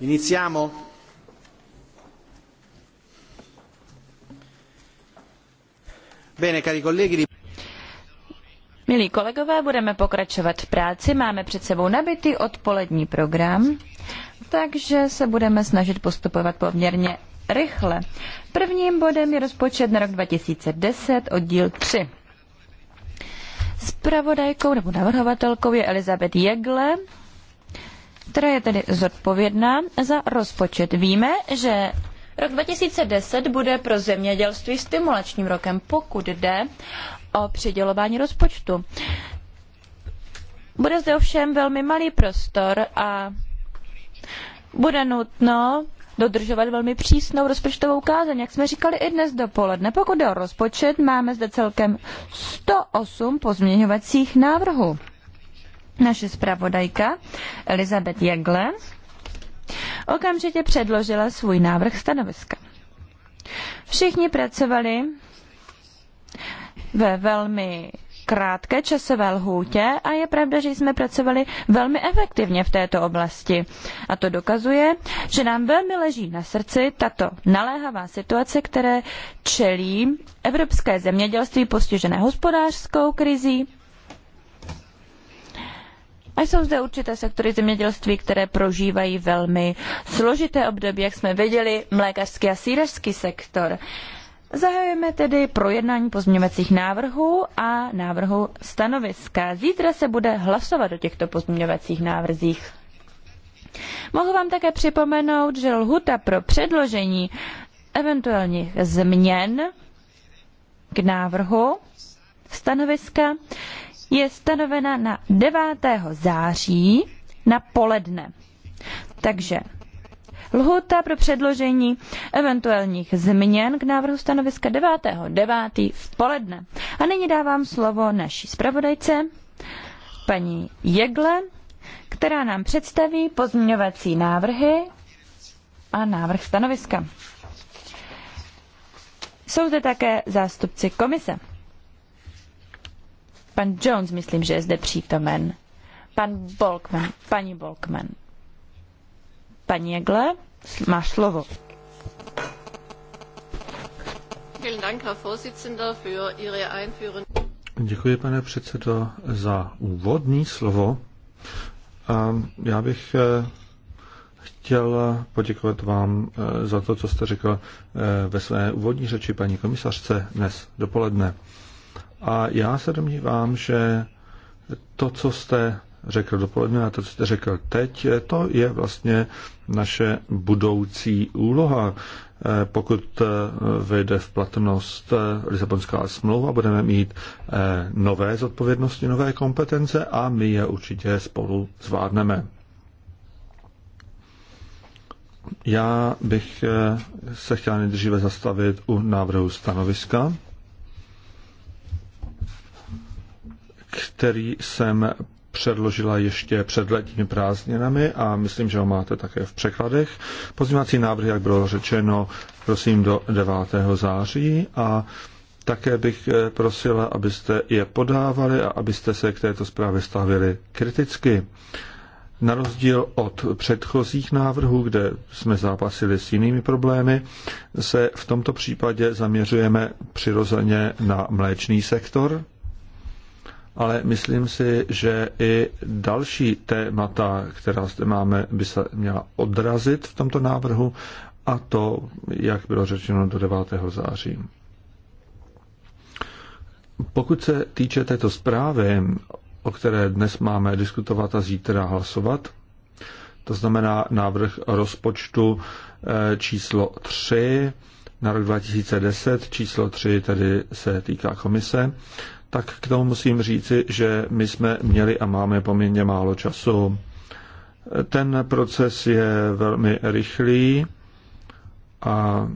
Iniziamo? Bene, cari colleghi. Milí kolegové, budeme pokračovat v práci. Máme před sebou nabitý odpolední program, takže se budeme snažit postupovat poměrně rychle. Prvním bodem je rozpočet na rok 2010, oddíl 3. Spravodajkou nebo navrhovatelkou je Elizabeth Jegle, která je tedy zodpovědná za rozpočet. Víme, že rok 2010 bude pro zemědělství stimulačním rokem, pokud jde o přidělování rozpočtu. Bude zde ovšem velmi malý prostor a bude nutno dodržovat velmi přísnou rozpočtovou kázeň, jak jsme říkali i dnes dopoledne. Pokud jde o rozpočet, máme zde celkem 108 pozměňovacích návrhů. Naše zpravodajka Elizabeth Jegle okamžitě předložila svůj návrh stanoviska. Všichni pracovali ve velmi krátké časové lhůtě a je pravda, že jsme pracovali velmi efektivně v této oblasti. A to dokazuje, že nám velmi leží na srdci tato naléhavá situace, které čelí evropské zemědělství postižené hospodářskou krizí a jsou zde určité sektory zemědělství, které prožívají velmi složité období, jak jsme viděli, mlékařský a sírařský sektor. Zahajujeme tedy projednání pozměňovacích návrhů a návrhu stanoviska. Zítra se bude hlasovat o těchto pozměňovacích návrzích. Mohu vám také připomenout, že lhuta pro předložení eventuálních změn k návrhu stanoviska je stanovena na 9. září na poledne. Takže lhůta pro předložení eventuálních změn k návrhu stanoviska 9.9. v poledne. A nyní dávám slovo naší zpravodajce, paní Jegle, která nám představí pozměňovací návrhy a návrh stanoviska. Jsou zde také zástupci komise. Pan Jones, myslím, že je zde přítomen. Pan Bolkman, paní Bolkman. Paní Jegle, má slovo. Děkuji, pane předsedo, za úvodní slovo. Já bych eh, chtěl poděkovat vám eh, za to, co jste řekl eh, ve své úvodní řeči paní komisařce dnes dopoledne. A já se domnívám, že to, co jste řekl dopoledne a to, co jste řekl teď, to je vlastně naše budoucí úloha. Eh, pokud eh, vejde v platnost eh, Lisabonská smlouva, budeme mít nové zodpovědnosti, nové kompetence a my je určitě spolu zvládneme. Já bych se chtěl nejdříve zastavit u návrhu stanoviska. který jsem předložila ještě před letními prázdninami a myslím, že ho máte také v překladech. Pozměňovací návrhy, jak bylo řečeno, prosím do 9. září a také bych eh, prosila, abyste je podávali a abyste se k této zprávě stavili kriticky. Na rozdíl od předchozích návrhů, kde jsme zápasili s jinými problémy, se v tomto případě zaměřujeme přirozeně na mléčný sektor, ale myslím si, že i další témata, která zde máme, by se měla odrazit v tomto návrhu a to, jak bylo řečeno, do 9. září. Pokud se týče této zprávy, o které dnes máme diskutovat a zítra hlasovat, to znamená návrh rozpočtu eh, číslo 3 na rok 2010, číslo 3 tedy se týká komise tak k tomu musím říci, že my jsme měli a máme poměrně málo času. Ten proces je velmi rychlý a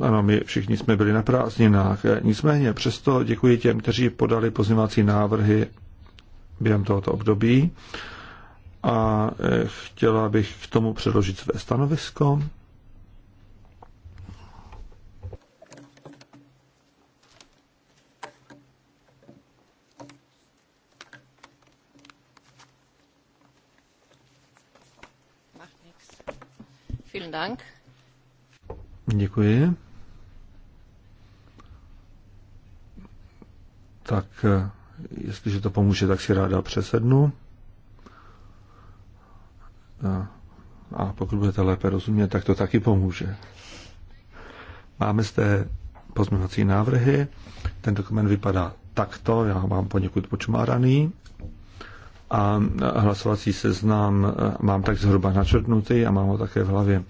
ano, my všichni jsme byli na prázdninách. Nicméně přesto děkuji těm, kteří podali pozměňovací návrhy během tohoto období a eh, chtěla bych k tomu předložit své stanovisko. Dank. Děkuji. Tak eh, jestliže to pomůže, tak si ráda přesednu. A, eh, a pokud budete lépe rozumět, tak to taky pomůže. Máme zde pozměňovací návrhy. Ten dokument vypadá takto, já ho mám poněkud počmáraný a hlasovací seznam e, mám tak zhruba načrtnutý a mám ho také v hlavě.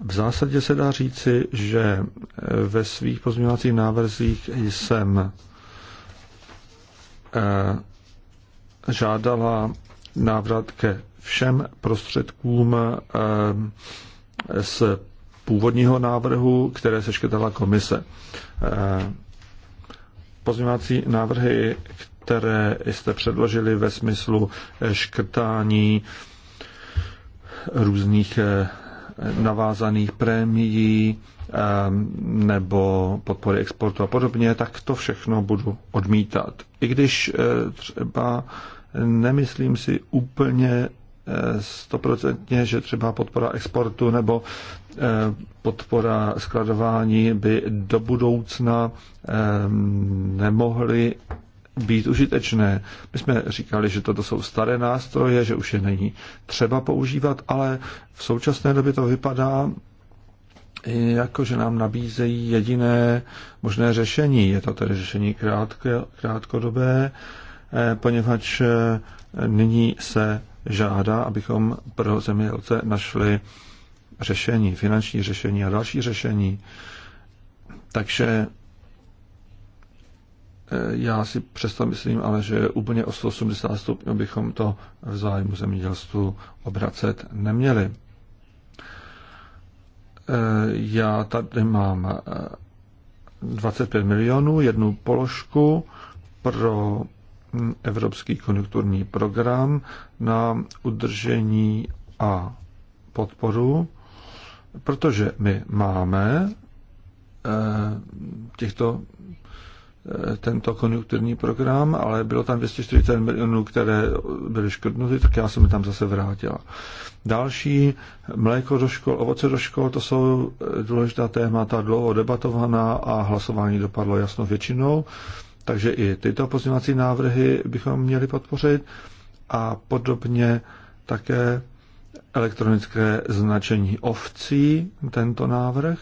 V zásadě se dá říci, že e, ve svých pozměňovacích návrzích jsem e, žádala návrat ke všem prostředkům z původního návrhu, které seškrtala komise. Pozměňovací návrhy, které jste předložili ve smyslu eh, škrtání různých eh, navázaných prémií ehm, nebo podpory exportu a podobně, tak to všechno budu odmítat. I když eh, třeba nemyslím si úplně stoprocentně, že třeba podpora exportu nebo podpora skladování by do budoucna ehm, nemohly být užitečné. My jsme říkali, že toto jsou staré nástroje, že už je není třeba používat, ale v současné době to vypadá jako, že nám nabízejí jediné možné řešení. Je to tedy řešení krátké, krátkodobé, eh, poněvadž eh, nyní se žádá, abychom pro zemědělce našli řešení, finanční řešení a další řešení. Takže Eh, já si přesto myslím, ale že úplně o 180 stupňů bychom to v zájmu zemědělstvu obracet neměli. Eh, já tady mám 25 eh, milionů, jednu položku pro hm, Evropský konjunkturní program na udržení a podporu, protože my máme těchto Eh, tento konjunkturní program, ale bylo tam 240 milionů, které byly škrtnuty, tak já jsem tam zase vrátila. Další, mléko do škol, ovoce do škol, to jsou eh, důležitá témata, dlouho debatovaná a hlasování dopadlo jasnou většinou, takže i tyto pozměňovací návrhy bychom měli podpořit a podobně také elektronické značení ovcí, tento návrh.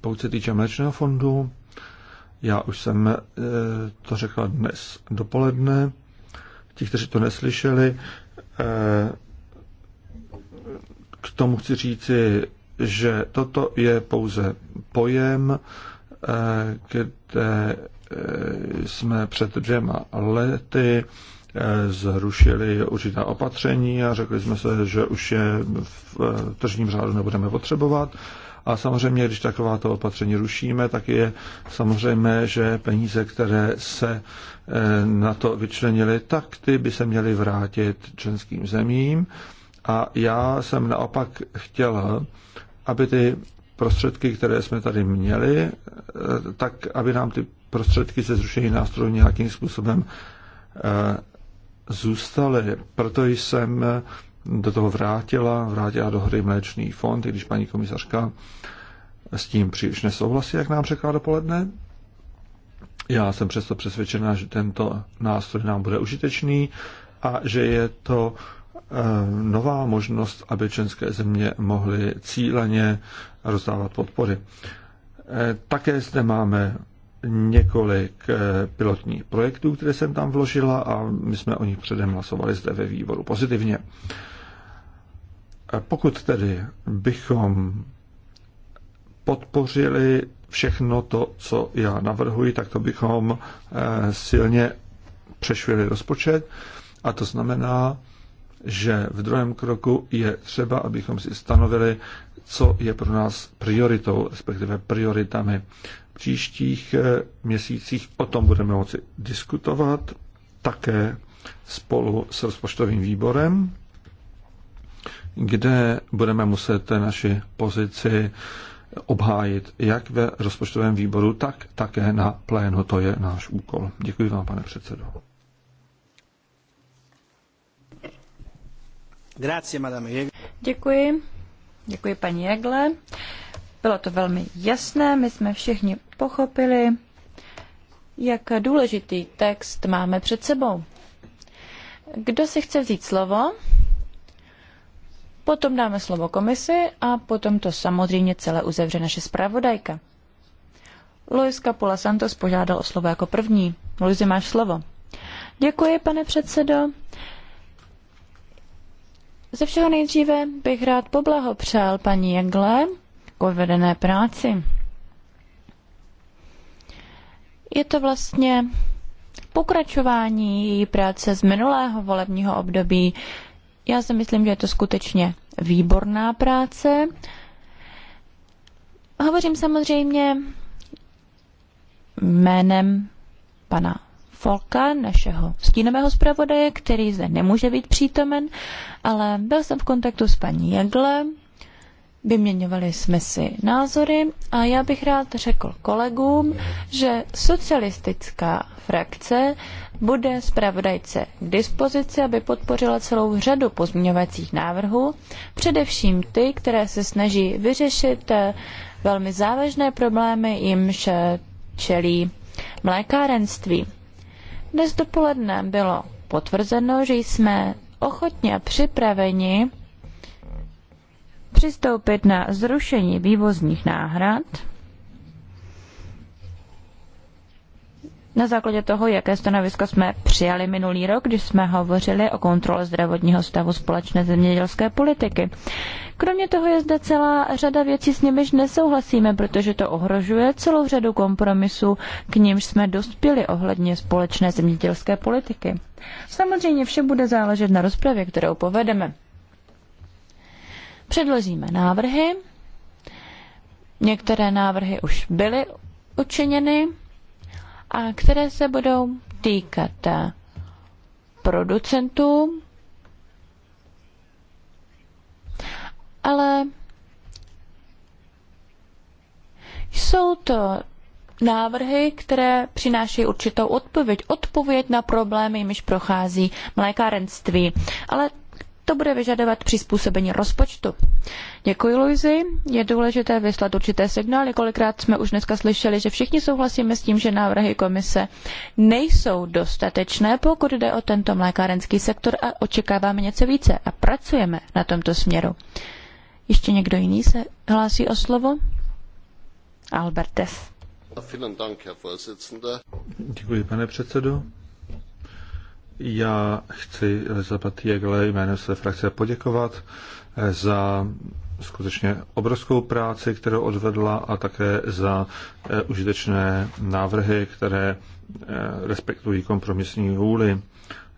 Pokud se týče mléčného fondu, já už jsem eh, to řekla dnes dopoledne. Ti, kteří to neslyšeli, eh, k tomu chci říci, že toto je pouze pojem, eh, kde jsme před dvěma lety zrušili určitá opatření a řekli jsme se, že už je v tržním řádu nebudeme potřebovat. A samozřejmě, když takováto opatření rušíme, tak je samozřejmé, že peníze, které se eh, na to vyčlenily, tak ty by se měly vrátit členským zemím. A já jsem naopak chtěl, aby ty prostředky, které jsme tady měli, eh, tak aby nám ty prostředky se zrušení nástrojů nějakým způsobem eh, zůstaly. Proto jsem do toho vrátila, vrátila do hry mléčný fond, i když paní komisařka s tím příliš nesouhlasí, jak nám řekla dopoledne. Já jsem přesto přesvědčená, že tento nástroj nám bude užitečný a že je to eh, nová možnost, aby české země mohly cíleně rozdávat podpory. Eh, také zde máme několik eh, pilotních projektů, které jsem tam vložila a my jsme o nich předem hlasovali zde ve výboru pozitivně. Pokud tedy bychom podpořili všechno to, co já navrhuji, tak to bychom eh, silně přešvili rozpočet. A to znamená, že v druhém kroku je třeba, abychom si stanovili, co je pro nás prioritou, respektive prioritami. V příštích eh, měsících o tom budeme moci diskutovat také spolu s rozpočtovým výborem kde budeme muset naši pozici obhájit jak ve rozpočtovém výboru, tak také na plénu. To je náš úkol. Děkuji vám, pane předsedo. Děkuji. Děkuji, paní Jegle. Bylo to velmi jasné, my jsme všichni pochopili, jak důležitý text máme před sebou. Kdo si chce vzít slovo? Potom dáme slovo komisi a potom to samozřejmě celé uzavře naše zpravodajka. Luis Capula Santos požádal o slovo jako první. Luisi, máš slovo. Děkuji, pane předsedo. Ze všeho nejdříve bych rád poblahopřál paní Jegle k uvedené práci. Je to vlastně pokračování její práce z minulého volebního období, já si myslím, že je to skutečně výborná práce. Hovořím samozřejmě jménem pana Folka, našeho stínového zpravodaje, který zde nemůže být přítomen, ale byl jsem v kontaktu s paní Jagle, vyměňovali jsme si názory a já bych rád řekl kolegům, že socialistická frakce bude zpravodajce k dispozici, aby podpořila celou řadu pozměňovacích návrhů, především ty, které se snaží vyřešit eh, velmi závažné problémy, jimž eh, čelí mlékárenství. Dnes dopoledne bylo potvrzeno, že jsme ochotně připraveni přistoupit na zrušení vývozních náhrad na základě toho, jaké stanovisko jsme přijali minulý rok, když jsme hovořili o kontrole zdravotního stavu společné zemědělské politiky. Kromě toho je zde celá řada věcí, s nimiž nesouhlasíme, protože to ohrožuje celou řadu kompromisů, k nímž jsme dospěli ohledně společné zemědělské politiky. Samozřejmě vše bude záležet na rozpravě, kterou povedeme. Předložíme návrhy. Některé návrhy už byly učiněny a které se budou týkat producentů, ale jsou to návrhy, které přináší určitou odpověď. Odpověď na problémy, jimž prochází mlékárenství. Ale to bude vyžadovat přizpůsobení rozpočtu. Děkuji, Luizi. Je důležité vyslat určité signály. Kolikrát jsme už dneska slyšeli, že všichni souhlasíme s tím, že návrhy komise nejsou dostatečné, pokud jde o tento mlékárenský sektor a očekáváme něco více a pracujeme na tomto směru. Ještě někdo jiný se hlásí o slovo? Albertes. Děkuji, pane předsedo. Já chci Elizabeth Jegle jménem své frakce poděkovat eh, za skutečně obrovskou práci, kterou odvedla a také za eh, užitečné návrhy, které eh, respektují kompromisní vůli.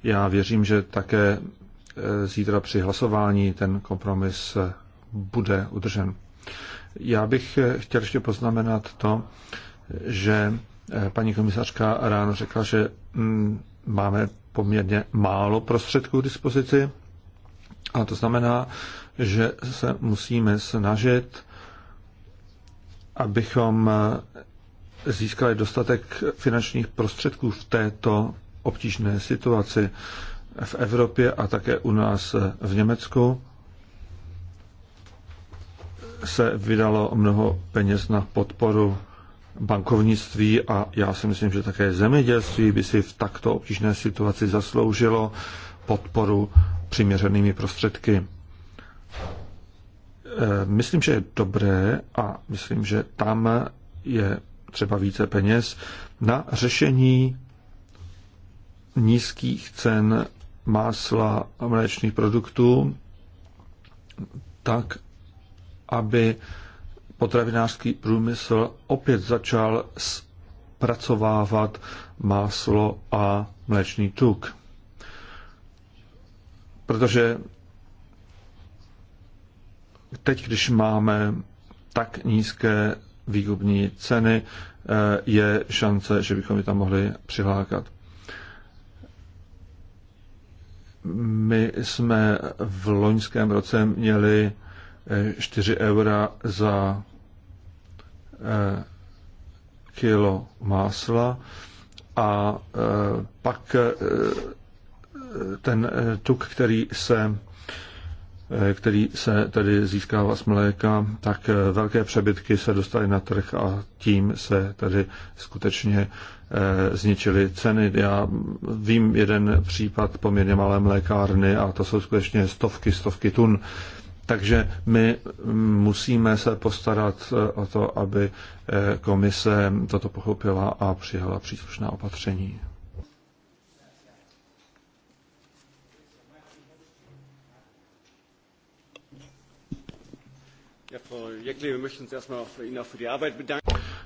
Já věřím, že také zítra při hlasování ten kompromis bude udržen. Já bych chtěl ještě poznamenat to, že paní komisařka ráno řekla, že mm, máme poměrně málo prostředků k dispozici. A to znamená, že se musíme snažit, abychom získali dostatek finančních prostředků v této obtížné situaci v Evropě a také u nás v Německu se vydalo mnoho peněz na podporu bankovnictví a já si myslím, že také zemědělství by si v takto obtížné situaci zasloužilo podporu přiměřenými prostředky. E, myslím, že je dobré a myslím, že tam je třeba více peněz na řešení nízkých cen másla a mléčných produktů, tak, aby potravinářský průmysl opět začal zpracovávat máslo a mléčný tuk. Protože teď, když máme tak nízké výkupní ceny, eh, je šance, že bychom je tam mohli přilákat. My jsme v loňském roce měli 4 eh, eura za Eh, kilo másla a eh, pak eh, ten tuk, který se který se tedy získává z mléka, tak velké přebytky se dostaly na trh a tím se tedy skutečně zničily ceny. Já vím jeden případ poměrně malé mlékárny a to jsou skutečně stovky, stovky tun takže my musíme se postarat eh, o to, aby eh, komise toto pochopila a přijala příslušná opatření.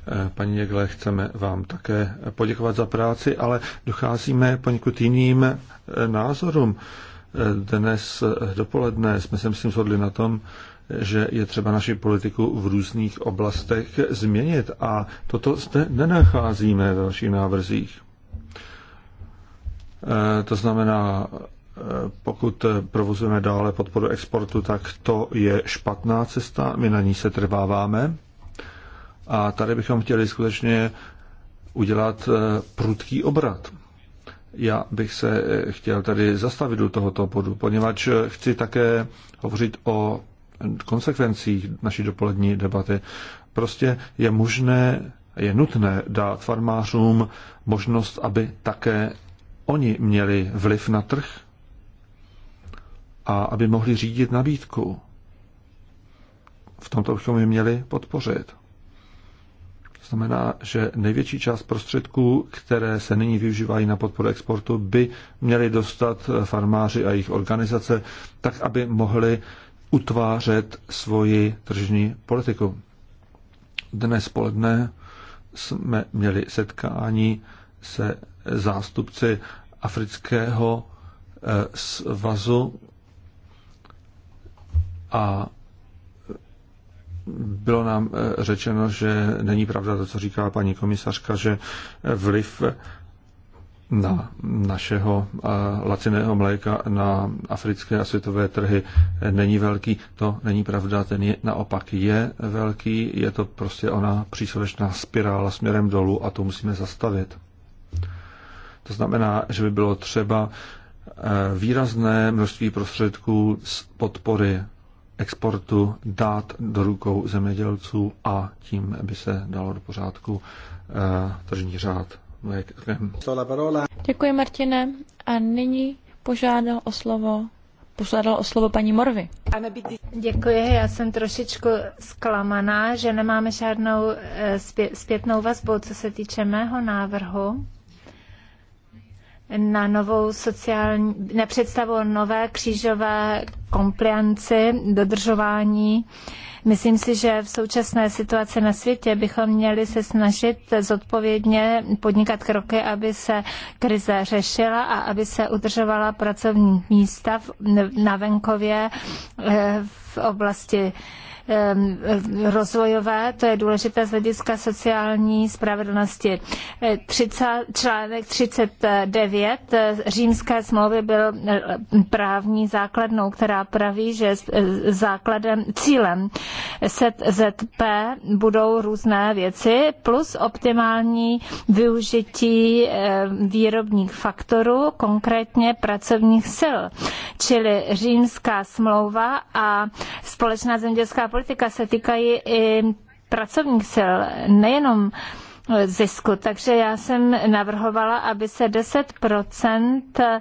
Eh, paní Jegle, chceme vám také poděkovat za práci, ale docházíme poněkud jiným názorům. Dnes dopoledne jsme se myslím shodli na tom, že je třeba naši politiku v různých oblastech změnit a toto zde nenacházíme ve vašich návrzích. E, to znamená, e, pokud provozujeme dále podporu exportu, tak to je špatná cesta, my na ní se trváváme. A tady bychom chtěli skutečně udělat e, prudký obrat. Já bych se eh, chtěl tady zastavit u tohoto bodu, poněvadž eh, chci také hovořit o konsekvencích naší dopolední debaty. Prostě je možné, je nutné dát farmářům možnost, aby také oni měli vliv na trh a aby mohli řídit nabídku. V tomto bychom je měli podpořit znamená, že největší část prostředků, které se nyní využívají na podporu exportu, by měli dostat farmáři a jejich organizace, tak aby mohli utvářet svoji tržní politiku. Dnes poledne jsme měli setkání se zástupci Afrického eh, svazu a bylo nám eh, řečeno, že není pravda to, co říká paní komisařka, že vliv na našeho eh, laciného mléka na africké a světové trhy eh, není velký. To není pravda, ten je, naopak je velký, je to prostě ona příslušná spirála směrem dolů a to musíme zastavit. To znamená, že by bylo třeba výrazné množství prostředků z podpory exportu dát do rukou zemědělců a tím by se dalo do pořádku eh, tržní řád. Děkuji, Martine. A nyní požádal o slovo požádal o slovo paní Morvy. Děkuji, já jsem trošičku zklamaná, že nemáme žádnou eh, zpětnou vazbu, co se týče mého návrhu na novou sociální, na představu nové křížové komplianci, dodržování. Myslím si, že v současné situaci na světě bychom měli se snažit zodpovědně podnikat kroky, aby se krize řešila a aby se udržovala pracovní místa na venkově eh, v oblasti Ehm, rozvojové, to je důležité z hlediska sociální spravedlnosti. 30, eh, článek 39 eh, římské smlouvy byl eh, právní základnou, která praví, že základem, cílem ZP budou různé věci plus optimální využití výrobních faktorů, konkrétně pracovních sil. Čili římská smlouva a společná zemědělská politika se týkají i pracovních sil, nejenom zisku. Takže já jsem navrhovala, aby se 10%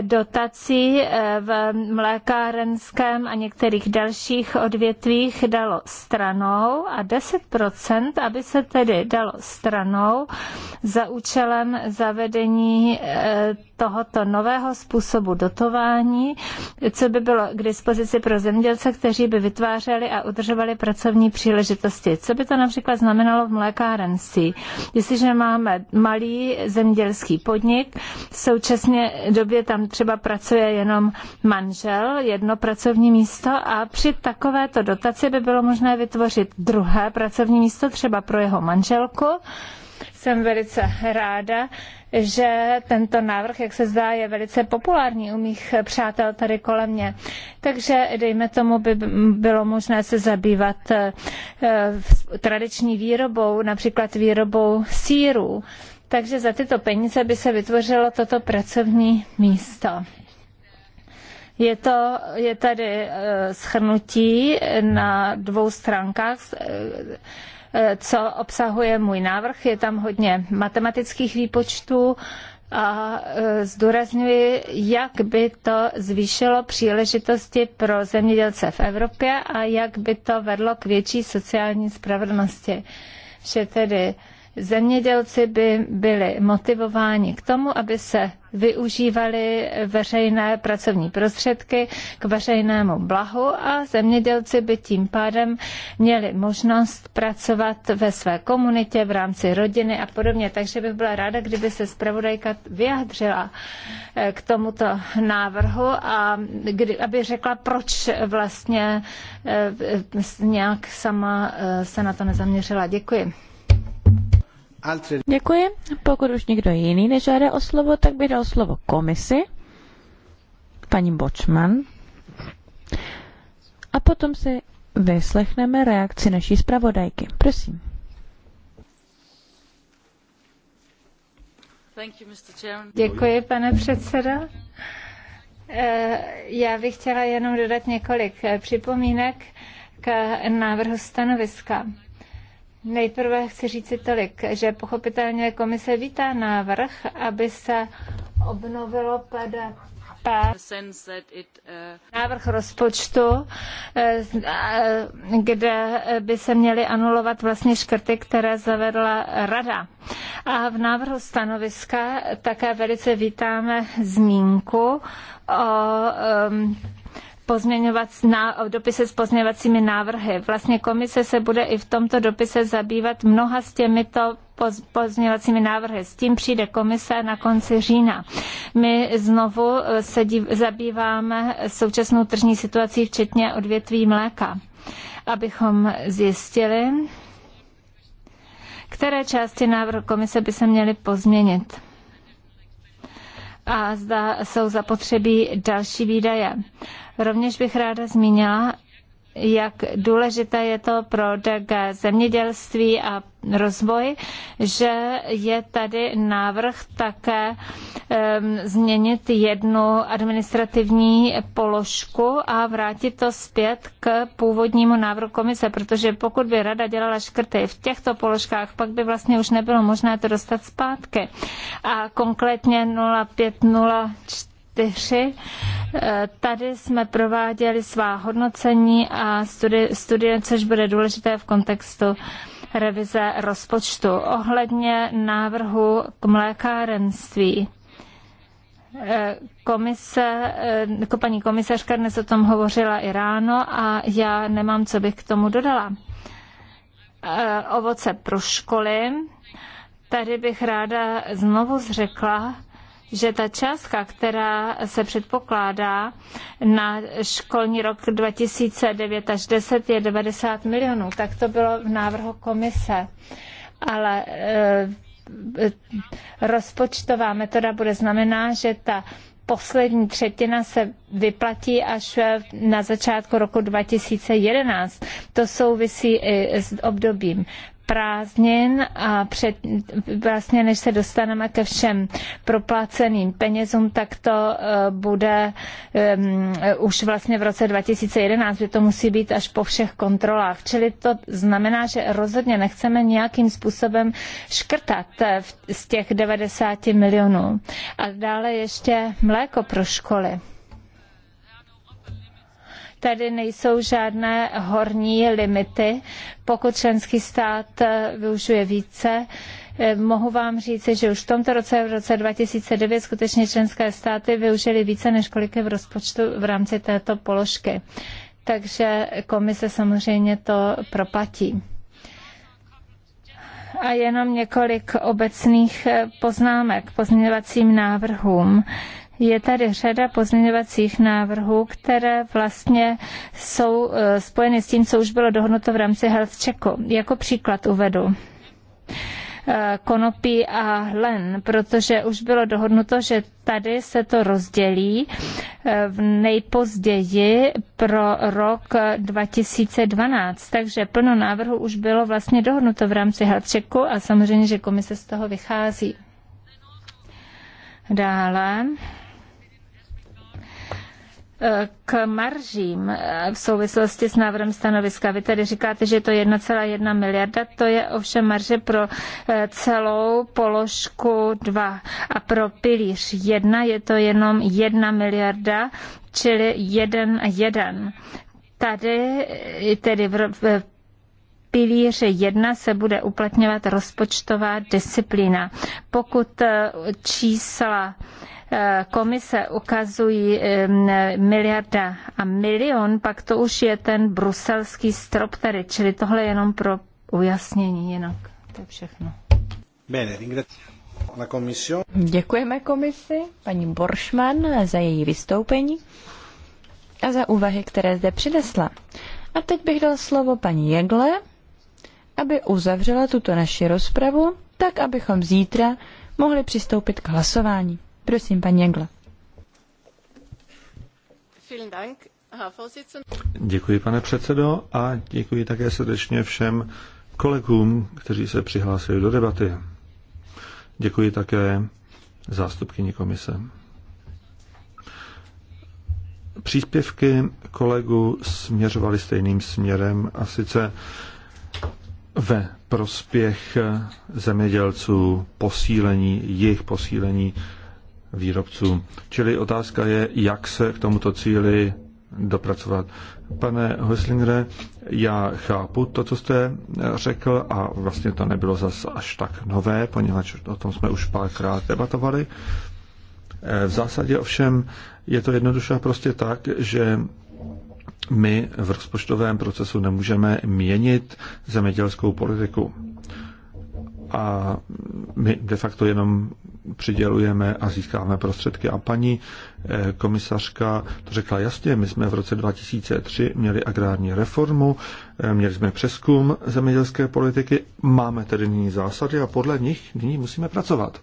dotací v mlékárenském a některých dalších odvětvích dalo stranou a 10%, aby se tedy dalo stranou za účelem zavedení eh, tohoto nového způsobu dotování, co by bylo k dispozici pro zemědělce, kteří by vytvářeli a udržovali pracovní příležitosti. Co by to například znamenalo v mlékárenství? Jestliže máme malý zemědělský podnik, v současně době tam třeba pracuje jenom manžel, jedno pracovní místo a při takovéto dotaci by bylo možné vytvořit druhé pracovní místo třeba pro jeho manželku, jsem velice ráda, že tento návrh, jak se zdá, je velice populární u mých přátel tady kolem mě. Takže dejme tomu, by bylo možné se zabývat eh, tradiční výrobou, například výrobou sírů. Takže za tyto peníze by se vytvořilo toto pracovní místo. Je, to, je tady eh, schrnutí na dvou stránkách eh, Eh, co obsahuje můj návrh. Je tam hodně matematických výpočtů a eh, zdůrazňuji, jak by to zvýšilo příležitosti pro zemědělce v Evropě a jak by to vedlo k větší sociální spravedlnosti. Vše tedy Zemědělci by byli motivováni k tomu, aby se využívaly veřejné pracovní prostředky k veřejnému blahu a zemědělci by tím pádem měli možnost pracovat ve své komunitě v rámci rodiny a podobně. Takže bych byla ráda, kdyby se zpravodajka vyjádřila eh, k tomuto návrhu a kdy, aby řekla, proč vlastně eh, nějak sama eh, se na to nezaměřila. Děkuji. Děkuji. Pokud už někdo jiný nežádá o slovo, tak bych dal slovo komisi, paní Bočman. A potom si vyslechneme reakci naší zpravodajky. Prosím. Děkuji, pane předsedo. Eh, já bych chtěla jenom dodat několik eh, připomínek k návrhu stanoviska. Nejprve chci říci tolik, že pochopitelně komise vítá návrh, aby se obnovilo PDP. návrh rozpočtu, eh, kde by se měly anulovat vlastně škrty, které zavedla Rada. A v návrhu stanoviska také velice vítáme zmínku o pozměňovac, na, dopise s pozměňovacími návrhy. Vlastně komise se bude i v tomto dopise zabývat mnoha s těmito poz, pozměňovacími návrhy. S tím přijde komise na konci října. My znovu eh, se dív, zabýváme současnou tržní situací, včetně odvětví mléka, abychom zjistili, které části návrhu komise by se měly pozměnit a zda jsou zapotřebí další výdaje. Rovněž bych ráda zmínila, jak důležité je to pro zemědělství a rozvoj, že je tady návrh také um, změnit jednu administrativní položku a vrátit to zpět k původnímu návrhu komise, protože pokud by rada dělala škrty v těchto položkách, pak by vlastně už nebylo možné to dostat zpátky. A konkrétně 0504 4. Eh, tady jsme prováděli svá hodnocení a studie, studie což bude důležité v kontextu revize rozpočtu. Ohledně návrhu k mlékárenství. Eh, komise, eh, jako paní komisařka dnes o tom hovořila i ráno a já nemám, co bych k tomu dodala. Ovoce pro školy. Tady bych ráda znovu zřekla, že ta částka, která se předpokládá na školní rok 2009 až 10 je 90 milionů. Tak to bylo v návrhu komise. Ale eh, rozpočtová metoda bude znamená, že ta poslední třetina se vyplatí až eh, na začátku roku 2011. To souvisí i s obdobím prázdnin a před, vlastně než se dostaneme ke všem propláceným penězům, tak to eh, bude um, už vlastně v roce 2011, že to musí být až po všech kontrolách. Čili to znamená, že rozhodně nechceme nějakým způsobem škrtat eh, v, z těch 90 milionů. A dále ještě mléko pro školy. Tady nejsou žádné horní limity. Pokud členský stát eh, využije více, eh, mohu vám říci, že už v tomto roce, v roce 2009, skutečně členské státy využily více, než kolik je v rozpočtu v rámci této položky. Takže komise samozřejmě to proplatí. A jenom několik obecných eh, poznámek k pozměňovacím návrhům je tady řada pozměňovacích návrhů, které vlastně jsou eh, spojeny s tím, co už bylo dohodnuto v rámci health checku. Jako příklad uvedu eh, konopí a hlen, protože už bylo dohodnuto, že tady se to rozdělí eh, v nejpozději pro rok 2012. Takže plno návrhu už bylo vlastně dohodnuto v rámci Helčeku a samozřejmě, že komise z toho vychází. Dále Eh, k maržím eh, v souvislosti s návrhem stanoviska. Vy tady říkáte, že je to 1,1 miliarda, to je ovšem marže pro eh, celou položku 2 a pro pilíř 1 je to jenom 1 miliarda, čili 1 a 1. Tady tedy v, v pilíře 1 se bude uplatňovat rozpočtová disciplína. Pokud čísla Eh, komise ukazují eh, miliarda a milion, pak to už je ten bruselský strop tady, čili tohle jenom pro ujasnění, jinak to je všechno. Děkujeme komisi, paní Boršman, za její vystoupení a za úvahy, které zde přinesla. A teď bych dal slovo paní Jegle, aby uzavřela tuto naši rozpravu, tak abychom zítra mohli přistoupit k hlasování. Prosím, paní Děkuji, pane předsedo, a děkuji také srdečně všem kolegům, kteří se přihlásili do debaty. Děkuji také zástupkyni komise. Příspěvky kolegů směřovaly stejným směrem a sice ve prospěch zemědělců, posílení jejich posílení výrobcům. Čili otázka je, jak se k tomuto cíli dopracovat. Pane Hoslingre, já chápu to, co jste řekl a vlastně to nebylo zas až tak nové, poněvadž o tom jsme už párkrát debatovali. V zásadě ovšem je to jednoduše prostě tak, že my v rozpočtovém procesu nemůžeme měnit zemědělskou politiku a my de facto jenom přidělujeme a získáme prostředky. A paní eh, komisařka to řekla jasně, my jsme v roce 2003 měli agrární reformu, eh, měli jsme přeskum zemědělské politiky, máme tedy nyní zásady a podle nich nyní musíme pracovat.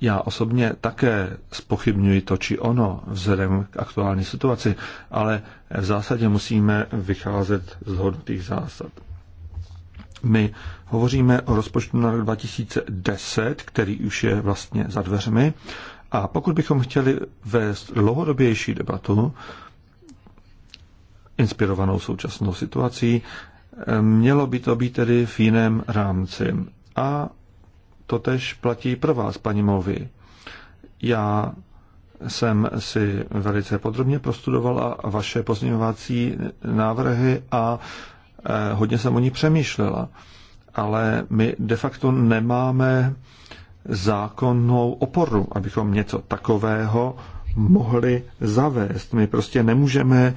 Já osobně také spochybňuji to či ono vzhledem k aktuální situaci, ale v zásadě musíme vycházet z hodnotých zásad. My hovoříme o rozpočtu na rok 2010, který už je vlastně za dveřmi. A pokud bychom chtěli vést dlouhodobější debatu, inspirovanou současnou situací, mělo by to být tedy v jiném rámci. A to tež platí pro vás, paní Movi. Já jsem si velice podrobně prostudovala vaše pozměňovací návrhy a Eh, hodně jsem o ní přemýšlela, ale my de facto nemáme zákonnou oporu, abychom něco takového mohli zavést. My prostě nemůžeme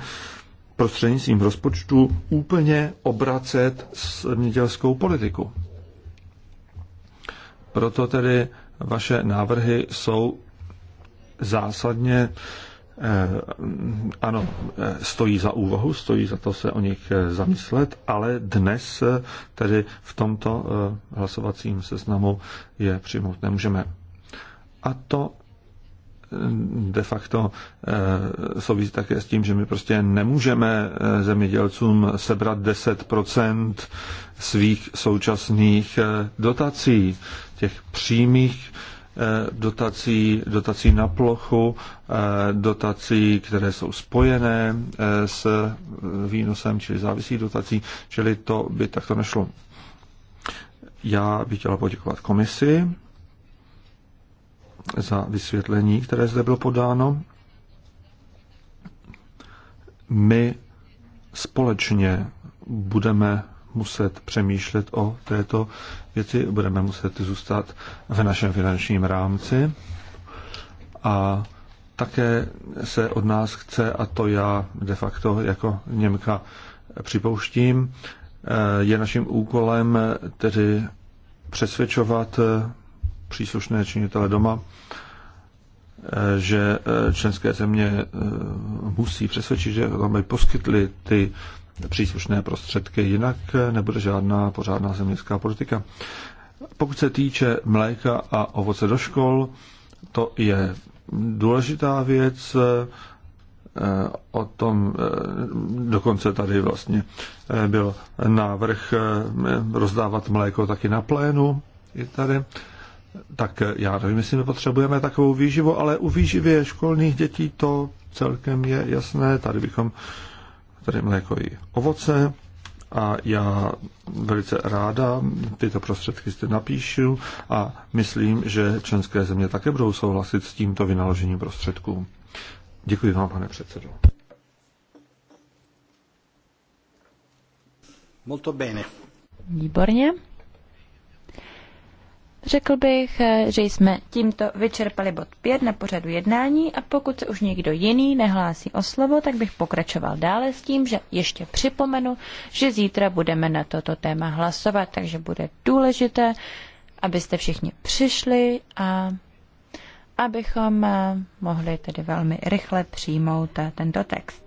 prostřednictvím rozpočtu úplně obracet s zemědělskou politiku. Proto tedy vaše návrhy jsou zásadně Eh, ano, eh, stojí za úvahu, stojí za to se o nich eh, zamyslet, ale dnes tedy v tomto hlasovacím seznamu je přijmout nemůžeme. A to de facto souvisí také s tím, že my prostě nemůžeme zemědělcům sebrat 10% svých současných dotací, těch přímých Eh, dotací, dotací na plochu, eh, dotací, které jsou spojené eh, s výnosem, čili závisí dotací, čili to by takto nešlo. Já bych chtěla poděkovat komisi za vysvětlení, které zde bylo podáno. My společně budeme muset přemýšlet o této věci, budeme muset zůstat v našem finančním rámci a také se od nás chce, a to já de facto jako Němka připouštím, eh, je naším úkolem eh, tedy přesvědčovat eh, příslušné činitele doma, že členské země musí přesvědčit, že aby poskytli ty příslušné prostředky, jinak nebude žádná pořádná zemědělská politika. Pokud se týče mléka a ovoce do škol, to je důležitá věc. Eh, o tom eh, dokonce tady vlastně eh, byl návrh rozdávat mléko taky na plénu. Je tady. Tak já nevím, jestli my potřebujeme takovou výživu, ale u výživy školních dětí to celkem je jasné. Tady bychom tedy mléko i ovoce. A já velice ráda tyto prostředky zde napíšu a myslím, že členské země také budou souhlasit s tímto vynaložením prostředků. Děkuji vám, pane předsedo. Molto bene. Výborně. Řekl bych, eh, že jsme tímto vyčerpali bod 5 na pořadu jednání a pokud se už někdo jiný nehlásí o slovo, tak bych pokračoval dále s tím, že ještě připomenu, že zítra budeme na toto téma hlasovat, takže bude důležité, abyste všichni přišli a abychom eh, mohli tedy velmi rychle přijmout eh, tento text.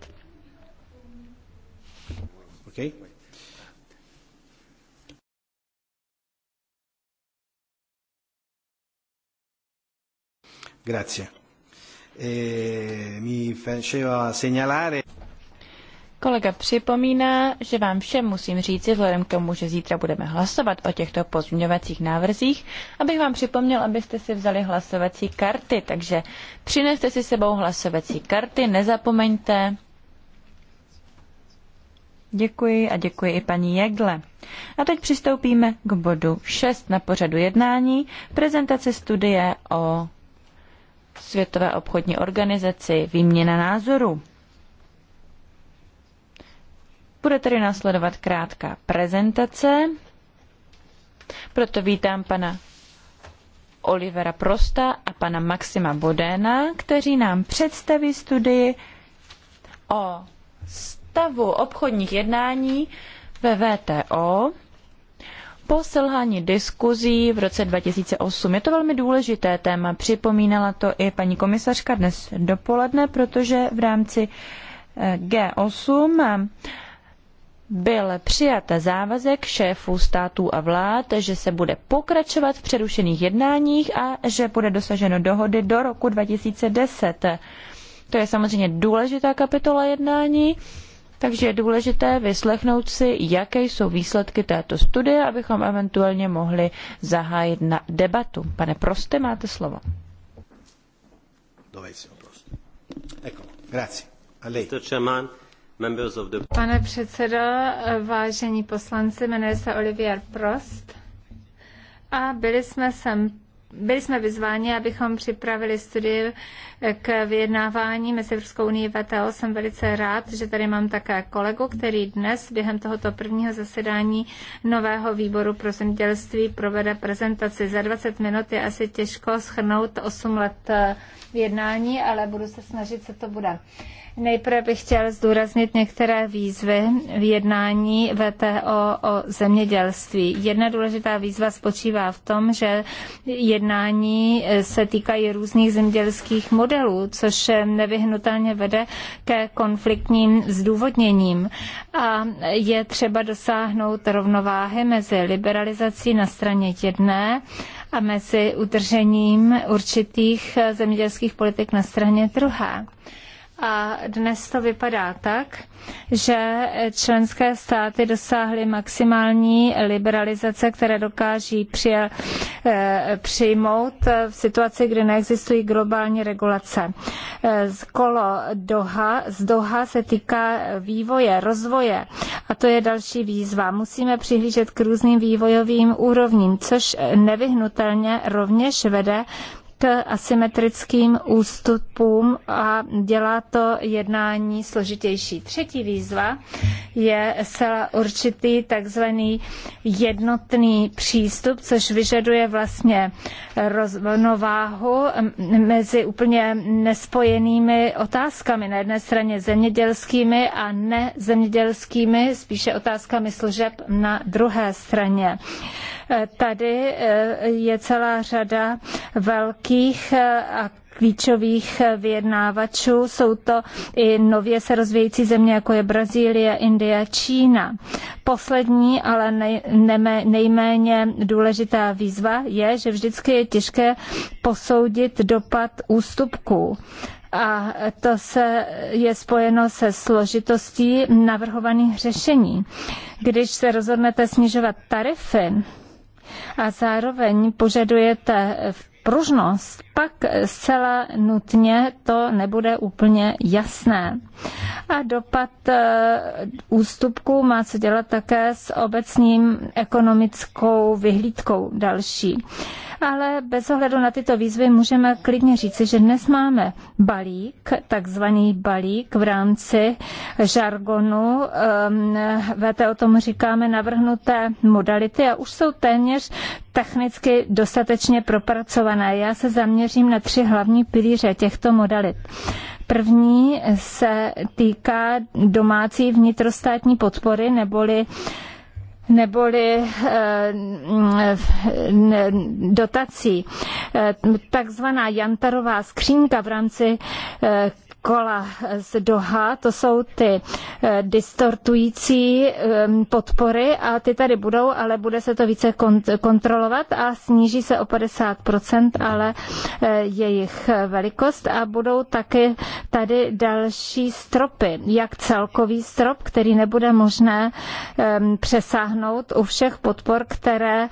Grazie. E, mi faceva segnalare... Kolega připomíná, že vám všem musím říci, vzhledem k tomu, že zítra budeme hlasovat o těchto pozměňovacích návrzích, abych vám připomněl, abyste si vzali hlasovací karty. Takže přineste si sebou hlasovací karty, nezapomeňte. Děkuji a děkuji i paní Jegle. A teď přistoupíme k bodu 6 na pořadu jednání, prezentace studie o Světové obchodní organizaci, výměna názorů. Bude tedy následovat krátká prezentace, proto vítám pana Olivera Prosta a pana Maxima Bodéna, kteří nám představí studii o stavu obchodních jednání ve VTO po selhání diskuzí v roce 2008. Je to velmi důležité téma, připomínala to i paní komisařka dnes dopoledne, protože v rámci eh, G8 eh, byl přijat závazek šéfů států a vlád, že se bude pokračovat v přerušených jednáních a že bude dosaženo dohody do roku 2010. To je samozřejmě důležitá kapitola jednání takže je důležité vyslechnout si, jaké jsou výsledky této studie, abychom eventuálně mohli zahájit na debatu. Pane Proste, máte slovo. Prostě. Pane předsedo, vážení poslanci, jmenuji se Olivier Prost a byli jsme sem byli jsme vyzváni, abychom připravili studii eh, k vyjednávání mezi Evropskou unii VTO. Jsem velice rád, že tady mám také kolegu, který dnes během tohoto prvního zasedání nového výboru pro zemědělství provede prezentaci. Za 20 minut je asi těžko schrnout 8 let eh, vyjednání, ale budu se snažit, co to bude. Nejprve bych chtěl zdůraznit některé výzvy v jednání VTO o zemědělství. Jedna důležitá výzva spočívá v tom, že jednání eh, se týkají různých zemědělských modelů, což eh, nevyhnutelně vede ke konfliktním zdůvodněním. A je třeba dosáhnout rovnováhy mezi liberalizací na straně jedné a mezi udržením určitých eh, zemědělských politik na straně druhé. A dnes to vypadá tak, že členské státy dosáhly maximální liberalizace, které dokáží přijel, eh, přijmout v situaci, kdy neexistují globální regulace. Eh, kolo Doha, z Doha se týká vývoje, rozvoje a to je další výzva. Musíme přihlížet k různým vývojovým úrovním, což nevyhnutelně rovněž vede asymetrickým ústupům a dělá to jednání složitější. Třetí výzva je zcela určitý takzvaný jednotný přístup, což vyžaduje vlastně rovnováhu mezi úplně nespojenými otázkami. Na jedné straně zemědělskými a nezemědělskými, spíše otázkami služeb na druhé straně. Tady eh, je celá řada velkých eh, a klíčových eh, vyjednávačů. Jsou to i nově se rozvíjející země, jako je Brazílie, Indie, Čína. Poslední, ale nejméně důležitá výzva je, že vždycky je těžké posoudit dopad ústupků a to se je spojeno se složitostí navrhovaných řešení. Když se rozhodnete snižovat tarify, a zároveň požadujete pružnost pak zcela nutně to nebude úplně jasné. A dopad e, ústupku má co dělat také s obecným ekonomickou vyhlídkou další. Ale bez ohledu na tyto výzvy můžeme klidně říci, že dnes máme balík, takzvaný balík v rámci žargonu. Ehm, o tom říkáme navrhnuté modality a už jsou téměř technicky dostatečně propracované. Já se zaměřím zaměřím na tři hlavní pilíře těchto modalit. První se týká domácí vnitrostátní podpory neboli neboli eh, dotací. Eh, takzvaná jantarová skřínka v rámci eh, kola z Doha, to jsou ty eh, distortující ehm, podpory a ty tady budou, ale bude se to více kontrolovat a sníží se o 50%, ale eh, jejich eh, velikost a budou také tady další stropy, jak celkový strop, který nebude možné ehm, přesáhnout u všech podpor, které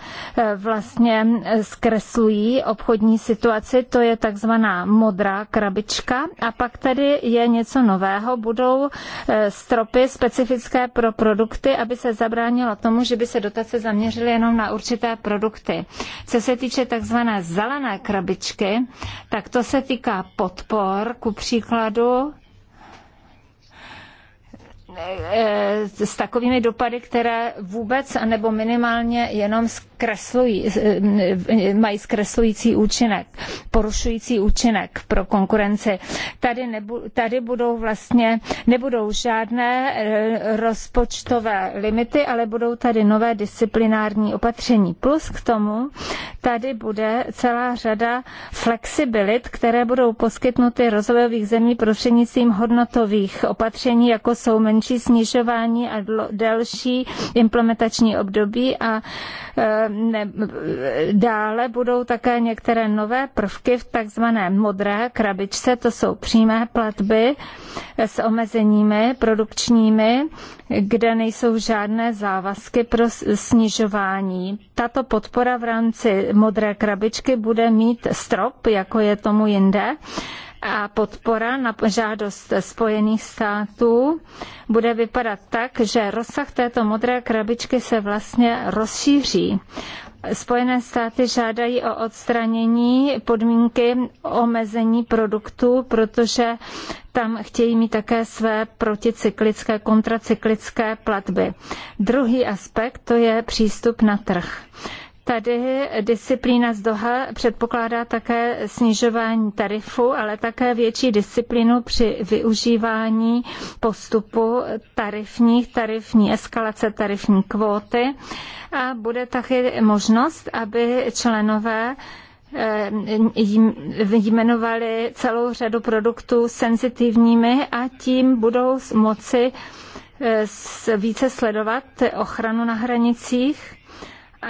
vlastně zkreslují obchodní situaci, to je takzvaná modrá krabička a pak tady tady je něco nového. Budou e, stropy specifické pro produkty, aby se zabránilo tomu, že by se dotace zaměřily jenom na určité produkty. Co se týče takzvané zelené krabičky, tak to se týká podpor, ku příkladu Eh, s takovými dopady, které vůbec nebo minimálně jenom zkreslují, eh, mají zkreslující účinek, porušující účinek pro konkurenci. Tady, nebu, tady budou vlastně, nebudou žádné eh, rozpočtové limity, ale budou tady nové disciplinární opatření. Plus k tomu tady bude celá řada flexibilit, které budou poskytnuty rozvojových zemí prostřednictvím hodnotových opatření, jako jsou menší končí snižování a delší implementační období a e, ne, dále budou také některé nové prvky v takzvané modré krabičce, to jsou přímé platby s omezeními produkčními, kde nejsou žádné závazky pro snižování. Tato podpora v rámci modré krabičky bude mít strop, jako je tomu jinde a podpora na žádost Spojených států bude vypadat tak, že rozsah této modré krabičky se vlastně rozšíří. Spojené státy žádají o odstranění podmínky omezení produktů, protože tam chtějí mít také své proticyklické, kontracyklické platby. Druhý aspekt to je přístup na trh. Tady disciplína z Doha předpokládá také snižování tarifu, ale také větší disciplínu při využívání postupu tarifních, tarifní eskalace, tarifní kvóty a bude také možnost, aby členové eh, jmenovali celou řadu produktů senzitivními a tím budou moci eh, více sledovat ochranu na hranicích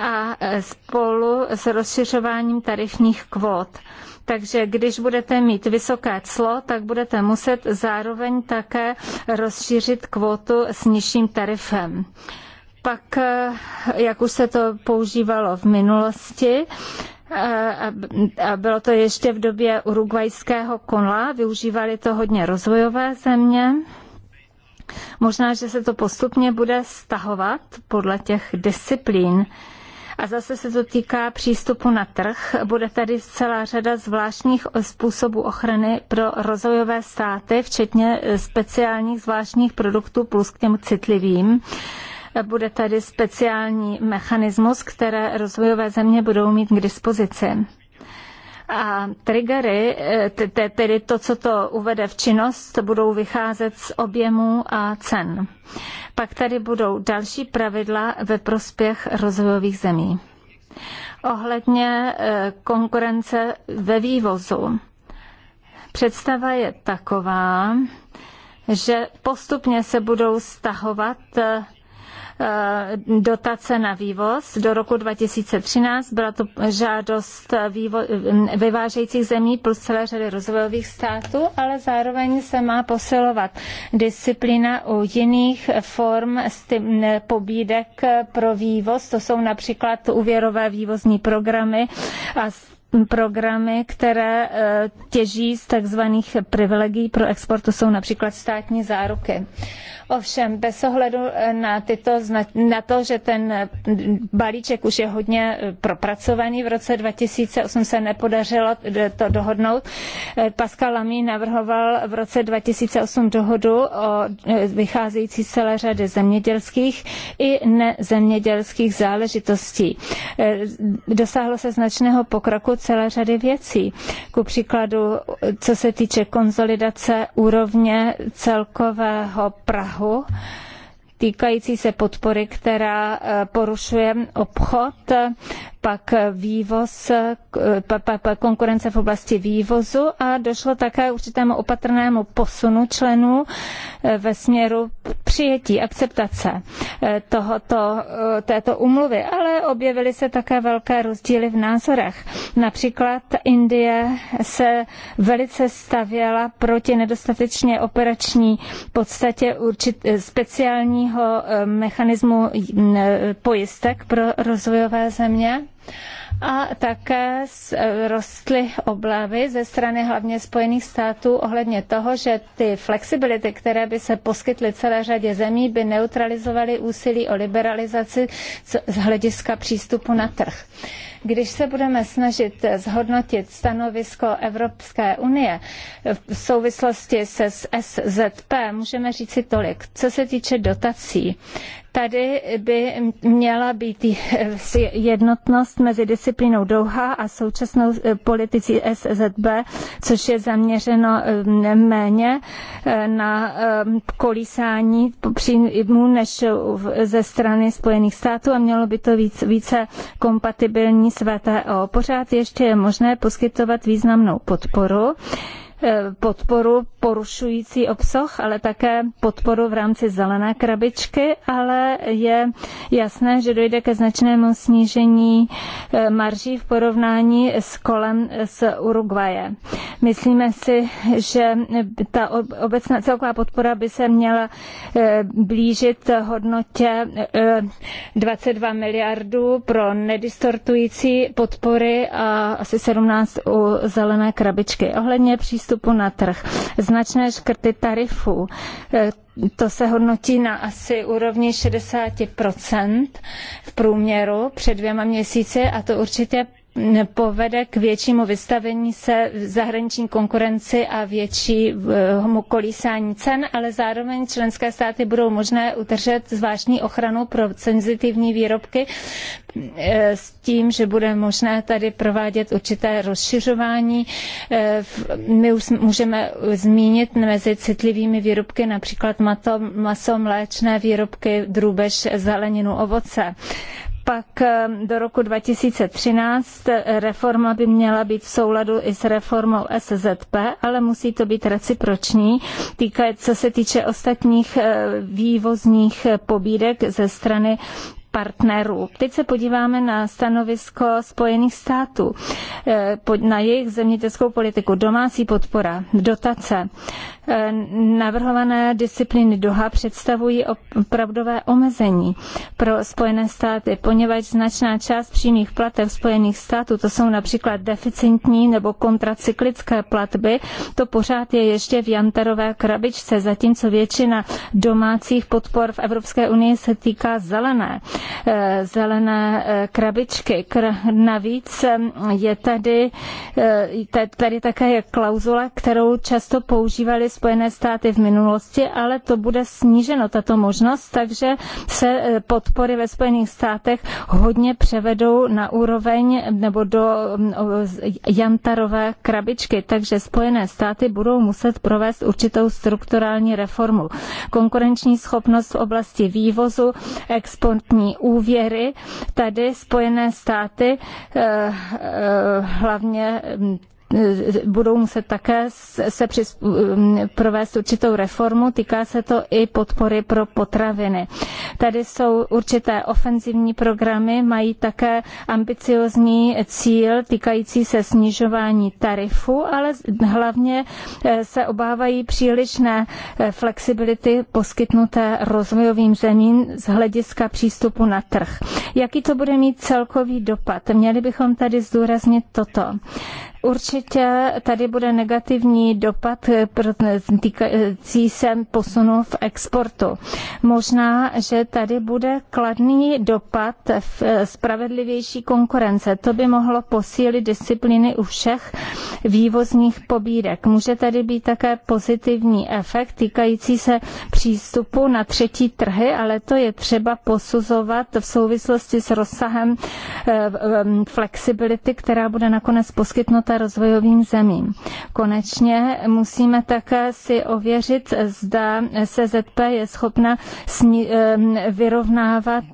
a e, spolu s rozšiřováním tarifních kvót. Takže když budete mít vysoké clo, tak budete muset zároveň také rozšířit kvótu s nižším tarifem. Pak, e, jak už se to používalo v minulosti, e, a bylo to ještě v době urugvajského kola, využívali to hodně rozvojové země. Možná, že se to postupně bude stahovat podle těch disciplín. A zase se to týká přístupu na trh. Bude tady celá řada zvláštních způsobů ochrany pro rozvojové státy, včetně speciálních zvláštních produktů plus k těm citlivým bude tady speciální mechanismus, které rozvojové země budou mít k dispozici. A triggery, eh, tedy to, co to uvede v činnost, budou vycházet z objemů a cen. Pak tady budou další pravidla ve prospěch rozvojových zemí. Ohledně eh, konkurence ve vývozu. Představa je taková, že postupně se budou stahovat eh, Eh, dotace na vývoz. Do roku 2013 byla to žádost vývo- eh, vyvážejících zemí plus celé řady rozvojových států, ale zároveň se má posilovat disciplína u jiných form eh, pobídek pro vývoz. To jsou například úvěrové vývozní programy a programy, které eh, těží z takzvaných privilegií pro exportu, jsou například státní záruky. Ovšem, bez ohledu eh, na, tyto, na to, že ten eh, balíček už je hodně propracovaný, v roce 2008 se nepodařilo to dohodnout. Pascal Lamy navrhoval v roce 2008 dohodu o vycházející z celé řady zemědělských i nezemědělských záležitostí. Dosáhlo se značného pokroku, celé řady věcí. Ku příkladu, co se týče konzolidace úrovně celkového Prahu, týkající se podpory, která eh, porušuje obchod pak vývoz, eh, konkurence v oblasti vývozu a došlo také určitému opatrnému posunu členů eh, ve směru přijetí, akceptace eh, tohoto, této umluvy, ale objevily se také velké rozdíly v názorech. Například Indie se velice stavěla proti nedostatečně operační podstatě určit, speciálního mechanismu mm, pojistek pro rozvojové země Uh, a také eh, rostly oblavy ze strany hlavně Spojených států ohledně toho, že ty flexibility, které by se poskytly celé řadě zemí, by neutralizovaly úsilí o liberalizaci z hlediska přístupu na trh. Když se budeme snažit zhodnotit stanovisko Evropské unie v souvislosti se s SZP, můžeme říci tolik. Co se týče dotací, tady by měla být jednotnost mezi disciplínou Doha a současnou eh, politici SZB, což je zaměřeno eh, méně eh, na kolísání příjmů než ze strany Spojených států a mělo by to víc, více kompatibilní s VTO. Pořád ještě je možné poskytovat významnou podporu. Eh, podporu porušující obsah, ale také podporu v rámci zelené krabičky, ale je jasné, že dojde ke značnému snížení eh, marží v porovnání s kolem s Uruguaje. Myslíme si, že ta obecná celková podpora by se měla eh, blížit hodnotě 22 miliardů pro nedistortující podpory a asi 17 u zelené krabičky. Ohledně přístupu vstupu na trh, značné škrty tarifů, e, to se hodnotí na asi úrovni 60% v průměru před dvěma měsíci a to určitě povede k většímu vystavení se zahraniční konkurenci a většímu eh, kolísání cen, ale zároveň členské státy budou možné udržet zvláštní ochranu pro senzitivní výrobky eh, s tím, že bude možné tady provádět určité rozšiřování. Eh, my už můžeme zmínit mezi citlivými výrobky například maso, mléčné výrobky, drůbež, zeleninu, ovoce pak eh, do roku 2013 eh, reforma by měla být v souladu i s reformou SZP, ale musí to být reciproční, týká, co se týče ostatních eh, vývozních pobídek ze strany partnerů. Teď se podíváme na stanovisko Spojených států, na jejich zemědělskou politiku, domácí podpora, dotace navrhované disciplíny Doha představují opravdové omezení pro Spojené státy, poněvadž značná část přímých plateb Spojených států, to jsou například deficitní nebo kontracyklické platby, to pořád je ještě v jantarové krabičce, zatímco většina domácích podpor v Evropské unii se týká zelené, eh, zelené eh, krabičky. Navíc eh, je tady, tady také je klauzule, kterou často používali Spojené státy v minulosti, ale to bude sníženo, tato možnost, takže se e, podpory ve Spojených státech hodně převedou na úroveň nebo do mm, jantarové krabičky, takže Spojené státy budou muset provést určitou strukturální reformu. Konkurenční schopnost v oblasti vývozu, exportní úvěry, tady Spojené státy e, e, hlavně mm, budou muset také se um, provést určitou reformu. Týká se to i podpory pro potraviny. Tady jsou určité ofenzivní programy, mají také ambiciozní cíl týkající se snižování tarifu, ale hlavně eh, se obávají přílišné eh, flexibility poskytnuté rozvojovým zemím z hlediska přístupu na trh. Jaký to bude mít celkový dopad? Měli bychom tady zdůraznit toto Určitě tady bude negativní dopad týkající se posunu v exportu. Možná, že tady bude kladný dopad v spravedlivější konkurence. To by mohlo posílit disciplíny u všech vývozních pobídek. Může tady být také pozitivní efekt týkající se přístupu na třetí trhy, ale to je třeba posuzovat v souvislosti s rozsahem eh, eh, flexibility, která bude nakonec poskytnuta rozvojovým zemím. Konečně musíme také si ověřit, zda CZP je schopna vyrovnávat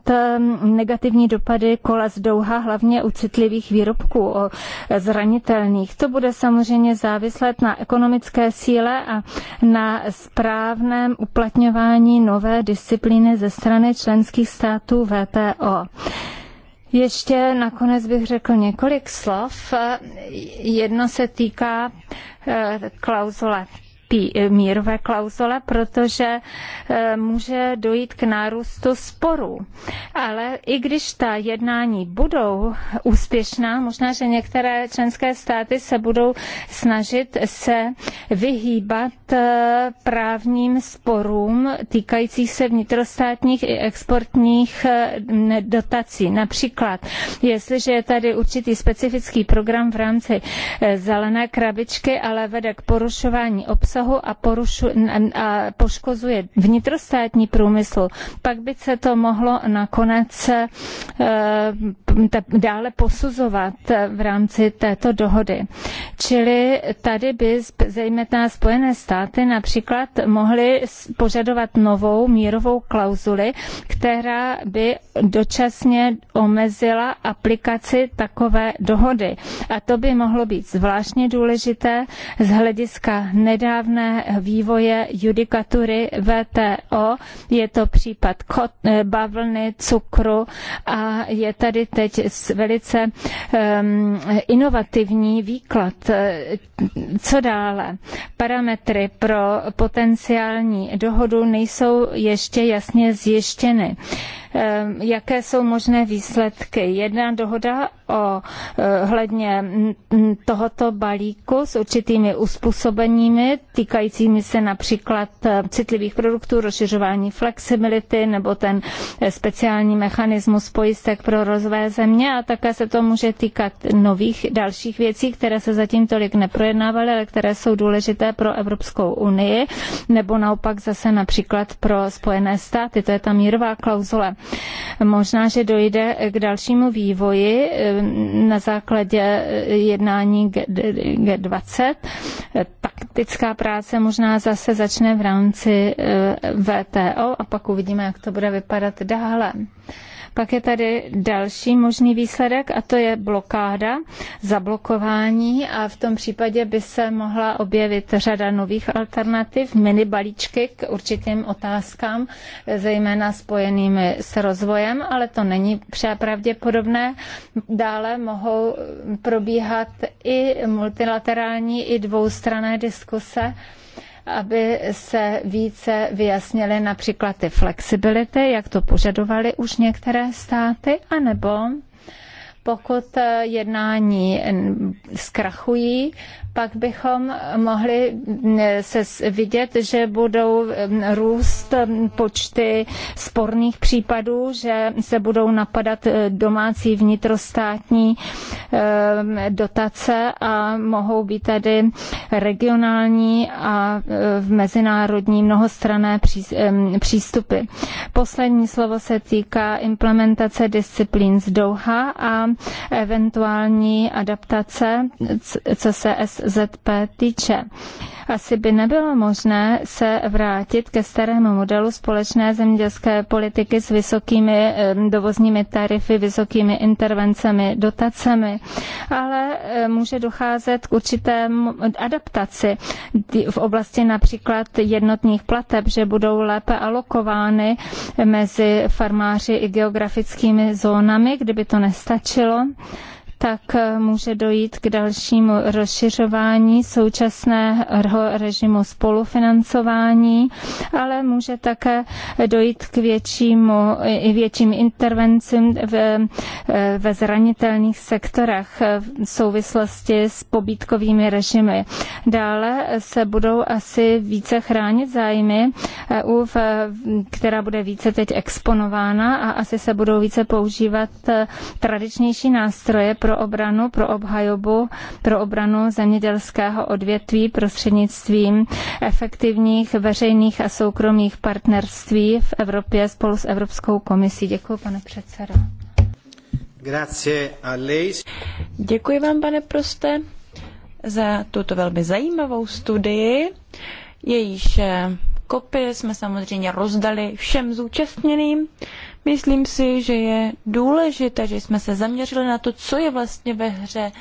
negativní dopady kola z douha, hlavně u citlivých výrobků, o zranitelných. To bude samozřejmě závislet na ekonomické síle a na správném uplatňování nové disciplíny ze strany členských států VTO. Ještě nakonec bych řekl několik slov. Jedno se týká eh, klauzule tý, eh, mírové klauzule, protože eh, může dojít k nárůstu sporů. Ale i když ta jednání budou úspěšná, možná, že některé členské státy se budou snažit se vyhýbat eh, právním sporům týkajících se vnitrostátních i exportních dotací. Například, jestliže je tady určitý specifický program v rámci zelené krabičky, ale vede k porušování obsahu, obsahu a, porušu, a poškozuje vnitrostátní průmysl, pak by se to mohlo nakonec e, dále posuzovat e, v rámci této dohody. Čili tady by zejména Spojené státy například mohly požadovat novou mírovou klauzuli, která by dočasně omezila aplikaci takové dohody. A to by mohlo být zvláštně důležité z hlediska nedávné nedávné vývoje judikatury VTO. Je to případ eh, bavlny, cukru a je tady teď velice um, inovativní výklad. Eh, co dále? Parametry pro potenciální dohodu nejsou ještě jasně zjištěny. Ehm, jaké jsou možné výsledky. Jedna dohoda o eh, hledně tohoto balíku s určitými uspůsobeními, týkajícími se například eh, citlivých produktů, rozšiřování flexibility nebo ten eh, speciální mechanismus pojistek pro rozvoje země a také se to může týkat nových dalších věcí, které se zatím tolik neprojednávaly, ale které jsou důležité pro Evropskou unii nebo naopak zase například pro Spojené státy. To je ta mírová klauzule. Možná, že dojde k dalšímu vývoji eh, na základě eh, jednání G20. Taktická práce možná zase začne v rámci eh, VTO a pak uvidíme, jak to bude vypadat dále. Pak je tady další možný výsledek a to je blokáda, zablokování a v tom případě by se mohla objevit řada nových alternativ, mini balíčky k určitým otázkám, zejména spojenými s rozvojem, ale to není pravděpodobné. Dále mohou probíhat i multilaterální, i dvoustrané diskuse aby se více vyjasnily například ty flexibility, jak to požadovaly už některé státy, anebo pokud eh, jednání zkrachují, pak bychom mohli mm, se vidět, že budou mm, růst mm, počty sporných případů, že se budou napadat e, domácí vnitrostátní dotace a mohou být tady regionální a e, v mezinárodní mnohostrané přístupy. Poslední slovo se týká implementace disciplín z Doha a eventuální adaptace, co se ZP týče. Asi by nebylo možné se vrátit ke starému modelu společné zemědělské politiky s vysokými dovozními tarify, vysokými intervencemi, dotacemi, ale může docházet k určité adaptaci v oblasti například jednotných plateb, že budou lépe alokovány mezi farmáři i geografickými zónami, kdyby to nestačilo tak eh, může dojít k dalšímu rozšiřování současného režimu spolufinancování, ale může také dojít k většímu, i větším intervencím ve, eh, ve zranitelných sektorech eh, v souvislosti s pobítkovými režimy. Dále se budou asi více chránit zájmy EU, která bude více teď exponována a asi se budou více používat tradičnější nástroje pro pro obranu, pro obhajobu, pro obranu zemědělského odvětví prostřednictvím efektivních veřejných a soukromých partnerství v Evropě spolu s Evropskou komisí. Děkuji, pane předsedo. Děkuji vám, pane Proste, za tuto velmi zajímavou studii. Jejíž kopie jsme samozřejmě rozdali všem zúčastněným. Myslím si, že je důležité, že jsme se zaměřili na to, co je vlastně ve hře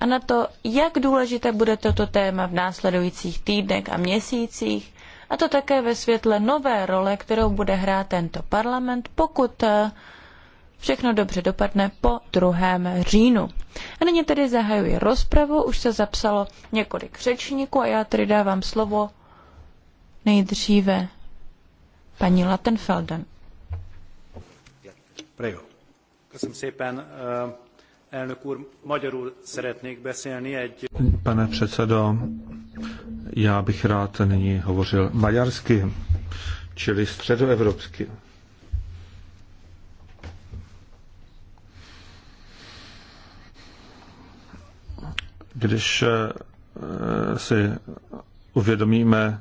a na to, jak důležité bude toto téma v následujících týdnech a měsících, a to také ve světle nové role, kterou bude hrát tento parlament, pokud eh, všechno dobře dopadne po 2. říjnu. A nyní tedy zahajuji rozpravu, už se zapsalo několik řečníků a já tedy dávám slovo nejdříve paní Lattenfelden. Pane předsedo, já bych rád nyní hovořil maďarsky, čili středoevropsky. Když e, si uvědomíme,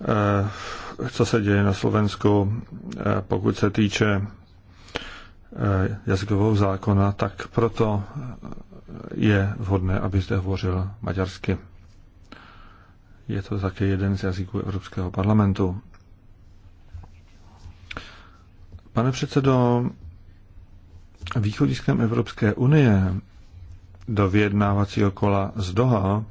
Eh, co se děje na Slovensku, eh, pokud se týče eh, jazykového zákona, tak proto je vhodné, aby zde hovořil maďarsky. Je to také jeden z jazyků Evropského parlamentu. Pane předsedo, východiskem Evropské unie do vyjednávacího kola z Doha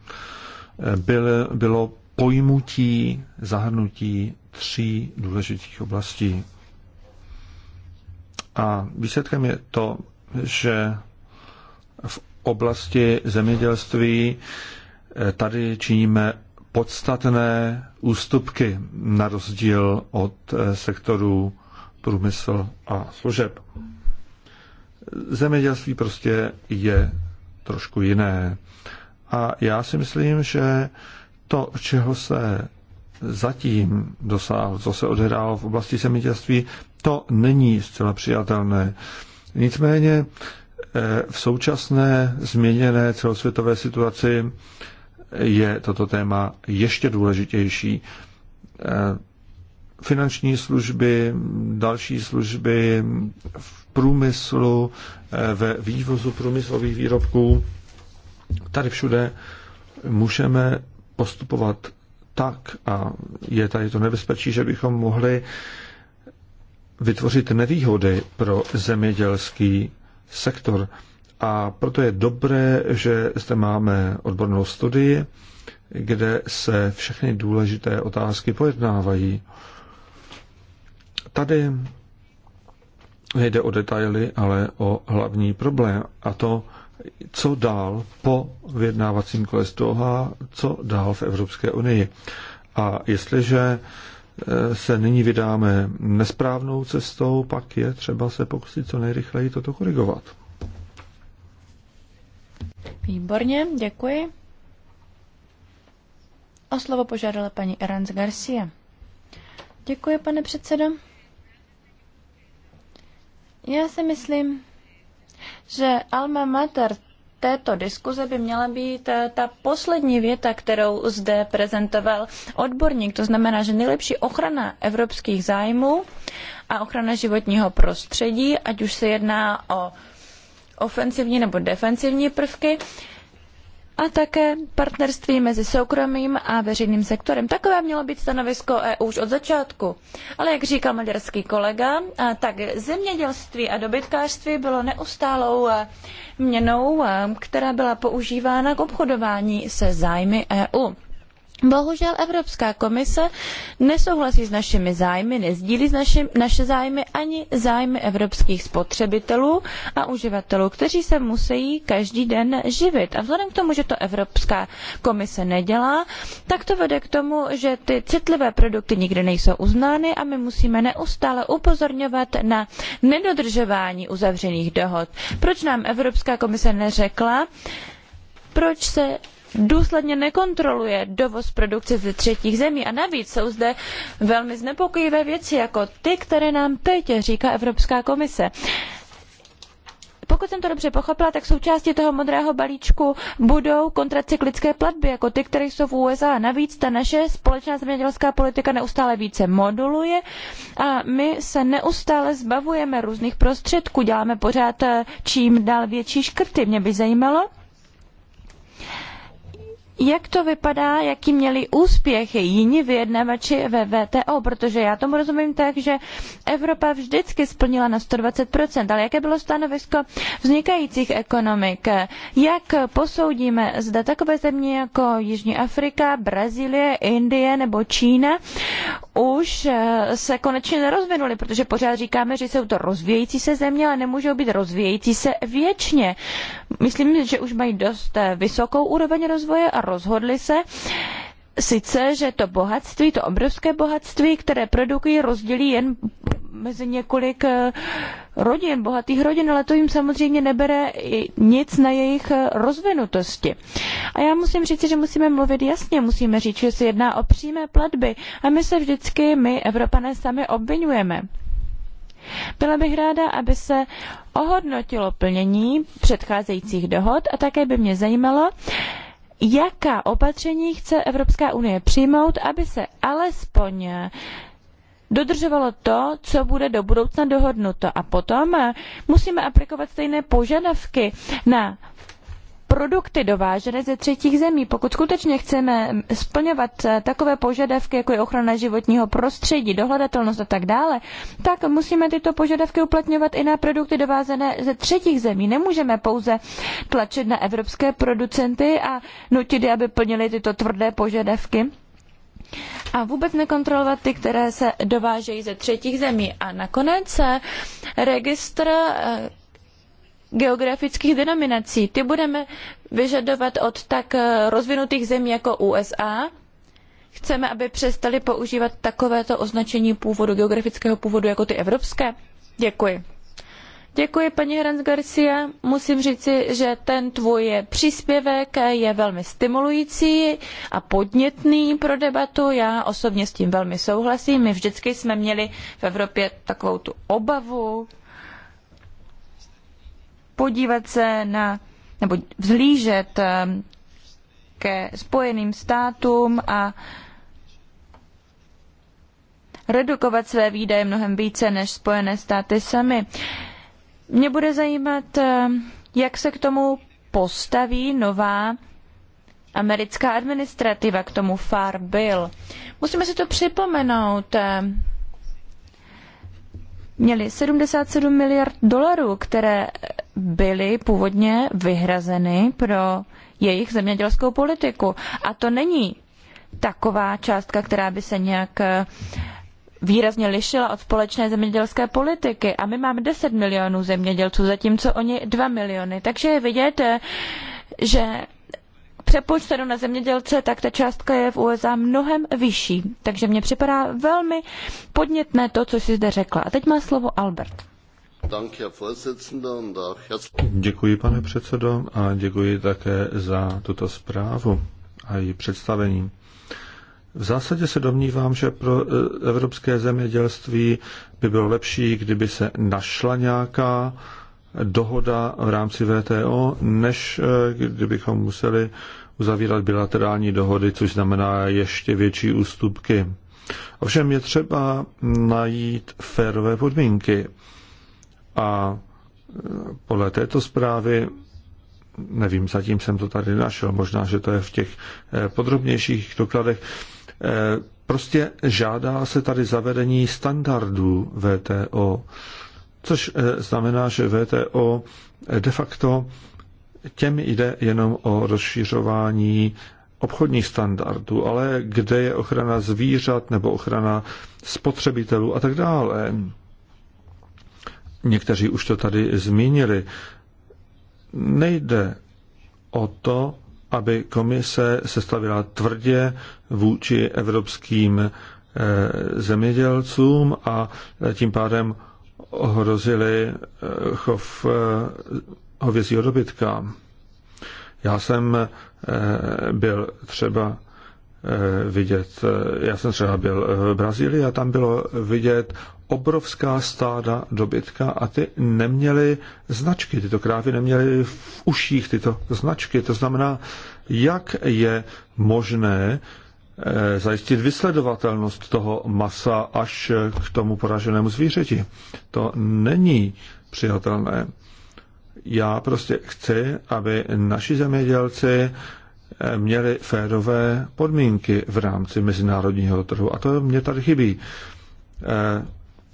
bylo pojmutí, zahrnutí tří důležitých oblastí. A výsledkem je to, že v oblasti zemědělství eh, tady činíme podstatné ústupky na rozdíl od eh, sektoru průmysl a služeb. Zemědělství prostě je trošku jiné. A já si myslím, že to, čeho se zatím dosáhlo, co se odehrálo v oblasti zemědělství, to není zcela přijatelné. Nicméně eh, v současné změněné celosvětové situaci je toto téma ještě důležitější. Eh, finanční služby, další služby v průmyslu, eh, ve vývozu průmyslových výrobků, tady všude můžeme postupovat tak, a je tady to nebezpečí, že bychom mohli vytvořit nevýhody pro zemědělský sektor. A proto je dobré, že zde máme odbornou studii, kde se všechny důležité otázky pojednávají. Tady nejde o detaily, ale o hlavní problém, a to co dál po vyjednávacím kole toho, co dál v Evropské unii. A jestliže e, se nyní vydáme nesprávnou cestou, pak je třeba se pokusit co nejrychleji toto korigovat. Výborně, děkuji. O slovo požádala paní Erans Garcia. Děkuji, pane předsedo. Já si myslím, že alma mater této diskuze by měla být eh, ta poslední věta, kterou zde prezentoval odborník. To znamená, že nejlepší ochrana evropských zájmů a ochrana životního prostředí, ať už se jedná o ofenzivní nebo defenzivní prvky, a také partnerství mezi soukromým a veřejným sektorem. Takové mělo být stanovisko EU už od začátku. Ale jak říkal maďarský kolega, tak zemědělství a dobytkářství bylo neustálou e, měnou, e, která byla používána k obchodování se zájmy EU. Bohužel Evropská komise nesouhlasí s našimi zájmy, nezdílí naši, naše zájmy ani zájmy evropských spotřebitelů a uživatelů, kteří se musí každý den živit. A vzhledem k tomu, že to Evropská komise nedělá, tak to vede k tomu, že ty citlivé produkty nikdy nejsou uznány a my musíme neustále upozorňovat na nedodržování uzavřených dohod. Proč nám Evropská komise neřekla, proč se důsledně nekontroluje dovoz produkce ze třetích zemí. A navíc jsou zde velmi znepokojivé věci, jako ty, které nám teď říká Evropská komise. Pokud jsem to dobře pochopila, tak součástí toho modrého balíčku budou kontracyklické platby, jako ty, které jsou v USA. Navíc ta naše společná zemědělská politika neustále více moduluje a my se neustále zbavujeme různých prostředků, děláme pořád eh, čím dál větší škrty. Mě by zajímalo, jak to vypadá, jaký měli úspěch jiní vyjednavači ve VTO, protože já tomu rozumím tak, že Evropa vždycky splnila na 120%, ale jaké bylo stanovisko vznikajících ekonomik? Jak posoudíme, zda takové země jako Jižní Afrika, Brazílie, Indie nebo Čína už eh, se konečně nerozvinuly, protože pořád říkáme, že jsou to rozvíjející se země, ale nemůžou být rozvíjející se věčně. Myslím, že už mají dost eh, vysokou úroveň rozvoje a rozhodli se, sice, že to bohatství, to obrovské bohatství, které produkují, rozdělí jen mezi několik eh, rodin, bohatých rodin, ale to jim samozřejmě nebere nic na jejich eh, rozvinutosti. A já musím říct, že musíme mluvit jasně, musíme říct, že se jedná o přímé platby a my se vždycky, my Evropané sami obvinujeme. Byla bych ráda, aby se ohodnotilo plnění předcházejících dohod a také by mě zajímalo, jaká opatření chce Evropská unie přijmout, aby se alespoň dodržovalo to, co bude do budoucna dohodnuto. A potom musíme aplikovat stejné požadavky na produkty dovážené ze třetích zemí. Pokud skutečně chceme splňovat eh, takové požadavky, jako je ochrana životního prostředí, dohledatelnost a tak dále, tak musíme tyto požadavky uplatňovat i na produkty dovázené ze třetích zemí. Nemůžeme pouze tlačit na evropské producenty a nutit je, aby plnili tyto tvrdé požadavky a vůbec nekontrolovat ty, které se dovážejí ze třetích zemí. A nakonec eh, registr eh, geografických denominací. Ty budeme vyžadovat od tak eh, rozvinutých zemí jako USA. Chceme, aby přestali používat takovéto označení původu, geografického původu jako ty evropské. Děkuji. Děkuji, paní Hrans Garcia. Musím říci, že ten tvůj příspěvek je velmi stimulující a podnětný pro debatu. Já osobně s tím velmi souhlasím. My vždycky jsme měli v Evropě takovou tu obavu, podívat se na, nebo vzhlížet eh, ke Spojeným státům a redukovat své výdaje mnohem více než Spojené státy sami. Mě bude zajímat, eh, jak se k tomu postaví nová americká administrativa, k tomu FAR Bill. Musíme si to připomenout. Eh, měli 77 miliard dolarů, které byly původně vyhrazeny pro jejich zemědělskou politiku. A to není taková částka, která by se nějak eh, výrazně lišila od společné zemědělské politiky. A my máme 10 milionů zemědělců, zatímco oni 2 miliony. Takže je vidět, eh, že přepočteno na zemědělce, tak ta částka je v USA mnohem vyšší. Takže mně připadá velmi podnětné to, co jsi zde řekla. A teď má slovo Albert. Děkuji, pane předsedo, a děkuji také za tuto zprávu a její představení. V zásadě se domnívám, že pro e, evropské zemědělství by bylo lepší, kdyby se našla nějaká dohoda v rámci VTO, než e, kdybychom museli uzavírat bilaterální dohody, což znamená ještě větší ústupky. Ovšem je třeba najít férové podmínky. A e, podle této zprávy, nevím, zatím jsem to tady našel, možná, že to je v těch e, podrobnějších dokladech, e, prostě žádá se tady zavedení standardů VTO, což znamená, že VTO de facto těm jde jenom o rozšířování obchodních standardů, ale kde je ochrana zvířat nebo ochrana spotřebitelů a tak dále. Někteří už to tady zmínili. Nejde o to, aby komise se stavila tvrdě vůči evropským eh, zemědělcům a tím pádem ohrozili eh, chov eh, hovězího dobytka. Já jsem eh, byl třeba eh, vidět, eh, já jsem třeba byl v Brazílii a tam bylo vidět obrovská stáda dobytka a ty neměly značky, tyto krávy neměly v uších tyto značky. To znamená, jak je možné zajistit vysledovatelnost toho masa až k tomu poraženému zvířeti. To není přijatelné já prostě chci, aby naši zemědělci eh, měli férové podmínky v rámci mezinárodního trhu. A to mě tady chybí. Eh,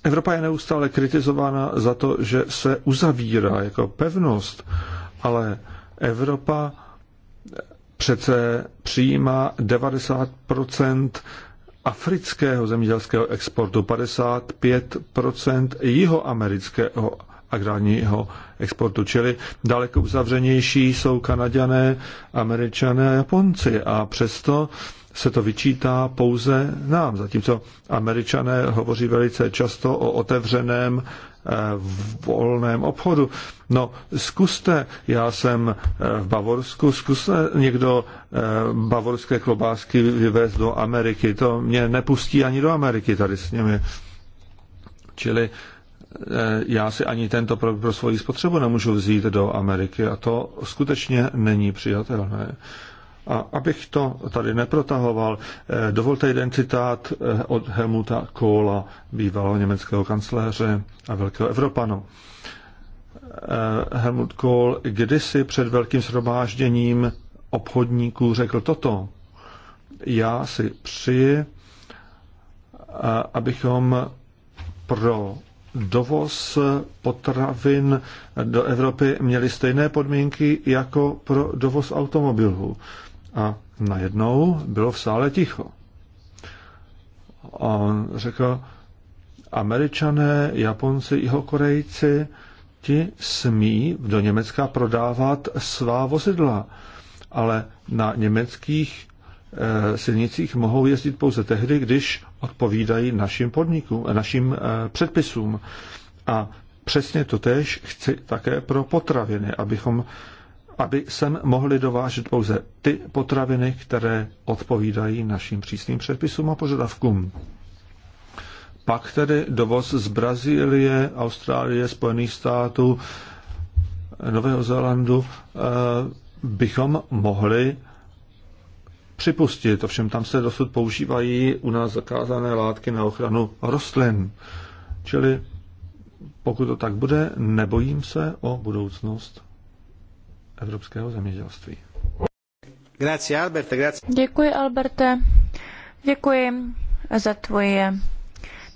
Evropa je neustále kritizována za to, že se uzavírá jako pevnost, ale Evropa eh, přece přijímá 90 afrického zemědělského exportu, 55 jihoamerického agrárního exportu. Čili daleko uzavřenější jsou Kanaďané, Američané a Japonci a přesto se to vyčítá pouze nám, zatímco američané hovoří velice často o otevřeném v eh, volném obchodu. No, zkuste, já jsem eh, v Bavorsku, zkuste někdo eh, bavorské klobásky vyvést do Ameriky. To mě nepustí ani do Ameriky tady s nimi. Čili Eh, já si ani tento produkt pro svoji spotřebu nemůžu vzít do Ameriky a to skutečně není přijatelné. A abych to tady neprotahoval, eh, dovolte jeden citát eh, od Helmuta Kohla, bývalého německého kancléře a velkého Evropanu. Helmut Kohl kdysi před velkým shromážděním obchodníků řekl toto. Já si přeji, abychom pro dovoz potravin do Evropy měli stejné podmínky jako pro dovoz automobilů. A najednou bylo v sále ticho. On řekl, američané, Japonci, jihokorejci, ti smí do Německa prodávat svá vozidla, ale na německých Eh, silnicích mohou jezdit pouze tehdy, když odpovídají našim podnikům, našim eh, předpisům. A přesně to tež chci také pro potraviny, abychom aby sem mohli dovážet pouze ty potraviny, které odpovídají našim přísným předpisům a požadavkům. Pak tedy dovoz z Brazílie, Austrálie, Spojených států, Nového Zélandu eh, bychom mohli připustit. Ovšem tam se dosud používají u nás zakázané látky na ochranu rostlin. Čili pokud to tak bude, nebojím se o budoucnost evropského zemědělství. Grazie, Alberte, grazie. Děkuji, Alberte. Děkuji za tvoje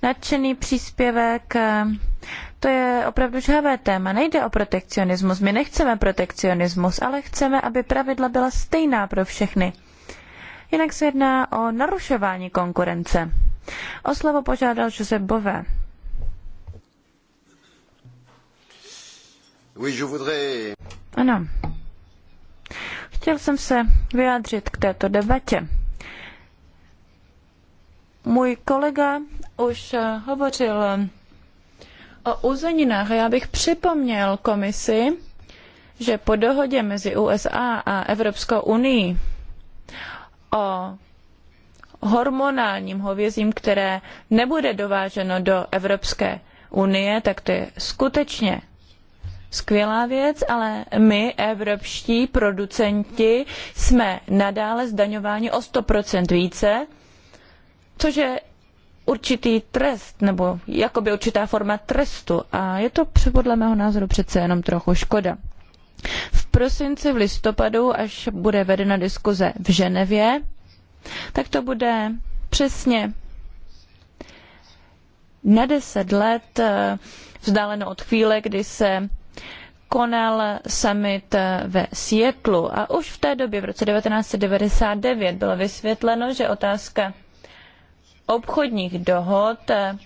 nadšený příspěvek. To je opravdu žhavé téma. Nejde o protekcionismus. My nechceme protekcionismus, ale chceme, aby pravidla byla stejná pro všechny. Jinak se jedná o narušování konkurence. O slovo požádal Josep Bové. Ano. Chtěl jsem se vyjádřit k této debatě. Můj kolega už eh, hovořil eh, o úzeninách a já bych připomněl komisi, že po dohodě mezi USA a Evropskou unii o hormonálním hovězím, které nebude dováženo do Evropské unie, tak to je skutečně skvělá věc, ale my, evropští producenti, jsme nadále zdaňováni o 100% více, což je určitý trest, nebo jakoby určitá forma trestu. A je to podle mého názoru přece jenom trochu škoda. V prosinci, v listopadu, až bude vedena diskuze v Ženevě, tak to bude přesně na deset let eh, vzdáleno od chvíle, kdy se konal summit eh, ve Sietlu. a už v té době, v roce 1999, bylo vysvětleno, že otázka obchodních dohod eh,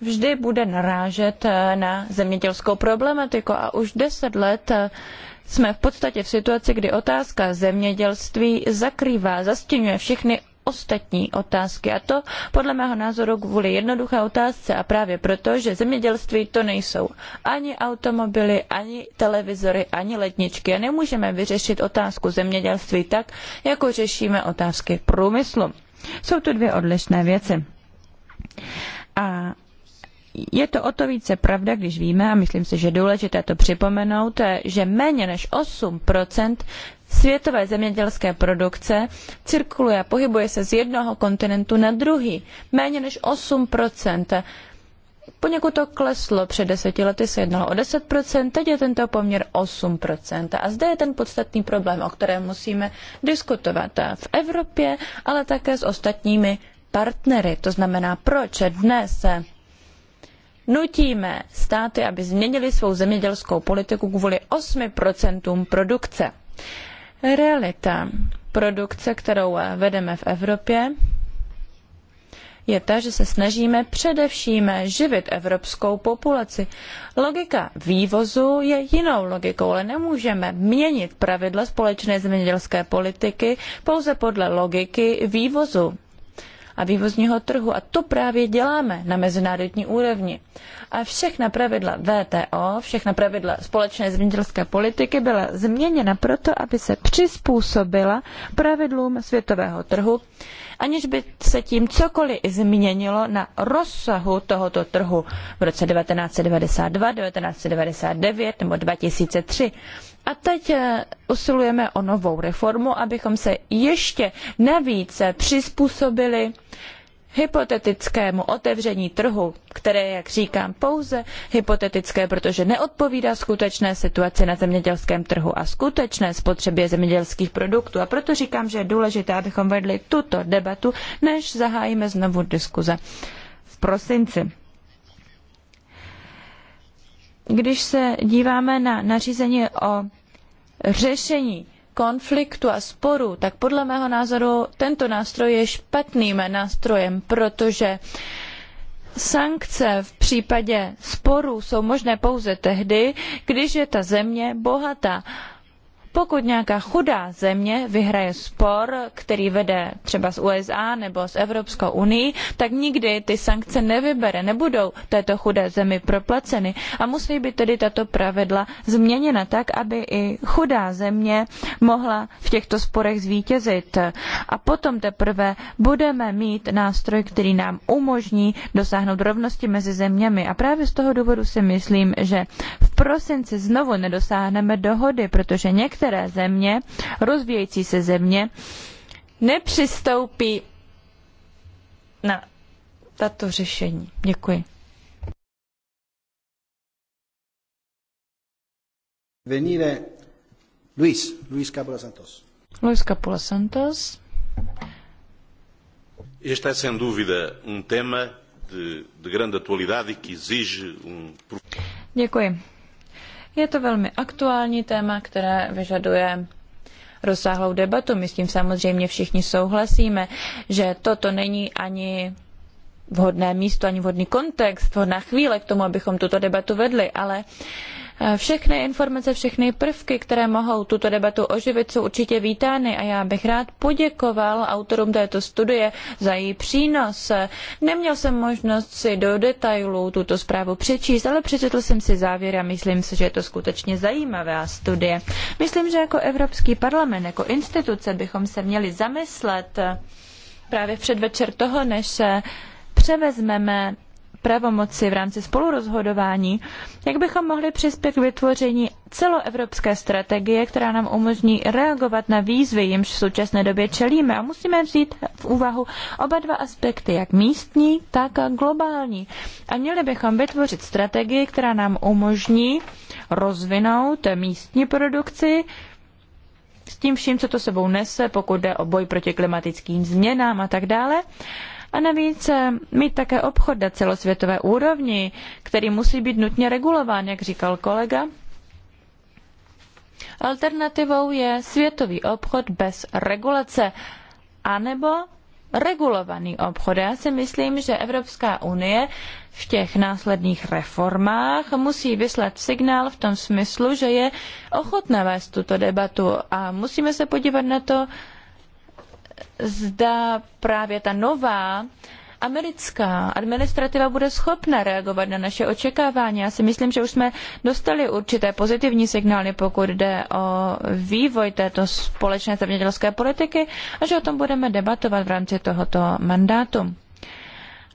vždy bude narážet na zemědělskou problematiku a už deset let jsme v podstatě v situaci, kdy otázka zemědělství zakrývá, zastěňuje všechny ostatní otázky. A to podle mého názoru kvůli jednoduché otázce a právě proto, že zemědělství to nejsou ani automobily, ani televizory, ani ledničky. A nemůžeme vyřešit otázku zemědělství tak, jako řešíme otázky průmyslu. Jsou to dvě odlišné věci. A je to o to více pravda, když víme, a myslím si, že je důležité to připomenout, že méně než 8 světové zemědělské produkce cirkuluje a pohybuje se z jednoho kontinentu na druhý. Méně než 8 Poněkud to kleslo, před deseti lety se jednalo o 10%, teď je tento poměr 8%. A zde je ten podstatný problém, o kterém musíme diskutovat v Evropě, ale také s ostatními partnery. To znamená, proč dnes nutíme státy, aby změnili svou zemědělskou politiku kvůli 8% produkce. Realita produkce, kterou vedeme v Evropě, je ta, že se snažíme především živit evropskou populaci. Logika vývozu je jinou logikou, ale nemůžeme měnit pravidla společné zemědělské politiky pouze podle logiky vývozu a vývozního trhu. A to právě děláme na mezinárodní úrovni. A všechna pravidla VTO, všechna pravidla společné zemědělské politiky byla změněna proto, aby se přizpůsobila pravidlům světového trhu, aniž by se tím cokoliv změnilo na rozsahu tohoto trhu v roce 1992, 1999 nebo 2003. A teď eh, usilujeme o novou reformu, abychom se ještě navíce přizpůsobili hypotetickému otevření trhu, které, jak říkám, pouze hypotetické, protože neodpovídá skutečné situaci na zemědělském trhu a skutečné spotřebě zemědělských produktů. A proto říkám, že je důležité, abychom vedli tuto debatu, než zahájíme znovu diskuze v prosinci. Když se díváme na nařízení o řešení konfliktu a sporu, tak podle mého názoru tento nástroj je špatným nástrojem, protože sankce v případě sporů jsou možné pouze tehdy, když je ta země bohatá pokud nějaká chudá země vyhraje spor, který vede třeba z USA nebo z Evropskou unii, tak nikdy ty sankce nevybere, nebudou této chudé zemi proplaceny. A musí být tedy tato pravidla změněna tak, aby i chudá země mohla v těchto sporech zvítězit. A potom teprve budeme mít nástroj, který nám umožní dosáhnout rovnosti mezi zeměmi. A právě z toho důvodu si myslím, že v prosinci znovu nedosáhneme dohody, protože některé některé země, rozvíjející se země, nepřistoupí na tato řešení. Děkuji. Venire Luis, Luis Capula Santos. Luis Capula Santos. Este é sem dúvida um tema de, de grande atualidade e que exige um. Děkuji. Je to velmi aktuální téma, které vyžaduje rozsáhlou debatu. My s tím samozřejmě všichni souhlasíme, že toto není ani vhodné místo, ani vhodný kontext, vhodná chvíle k tomu, abychom tuto debatu vedli, ale Eh, všechny informace, všechny prvky, které mohou tuto debatu oživit, jsou určitě vítány a já bych rád poděkoval autorům této studie za její přínos. Neměl jsem možnost si do detailů tuto zprávu přečíst, ale přečetl jsem si závěry a myslím si, že je to skutečně zajímavá studie. Myslím, že jako Evropský parlament, jako instituce bychom se měli zamyslet eh, právě v předvečer toho, než převezmeme pravomoci v rámci spolurozhodování, jak bychom mohli přispět k vytvoření celoevropské strategie, která nám umožní reagovat na výzvy, jimž v současné době čelíme. A musíme vzít v úvahu oba dva aspekty, jak místní, tak a globální. A měli bychom vytvořit strategii, která nám umožní rozvinout místní produkci, s tím vším, co to sebou nese, pokud jde o boj proti klimatickým změnám a tak dále a navíc eh, mít také obchod na celosvětové úrovni, který musí být nutně regulován, jak říkal kolega. Alternativou je světový obchod bez regulace, anebo regulovaný obchod. Já si myslím, že Evropská unie v těch následných reformách musí vyslat signál v tom smyslu, že je ochotná vést tuto debatu a musíme se podívat na to, zda právě ta nová americká administrativa bude schopna reagovat na naše očekávání. Já si myslím, že už jsme dostali určité pozitivní signály, pokud jde o vývoj této společné zemědělské politiky a že o tom budeme debatovat v rámci tohoto mandátu.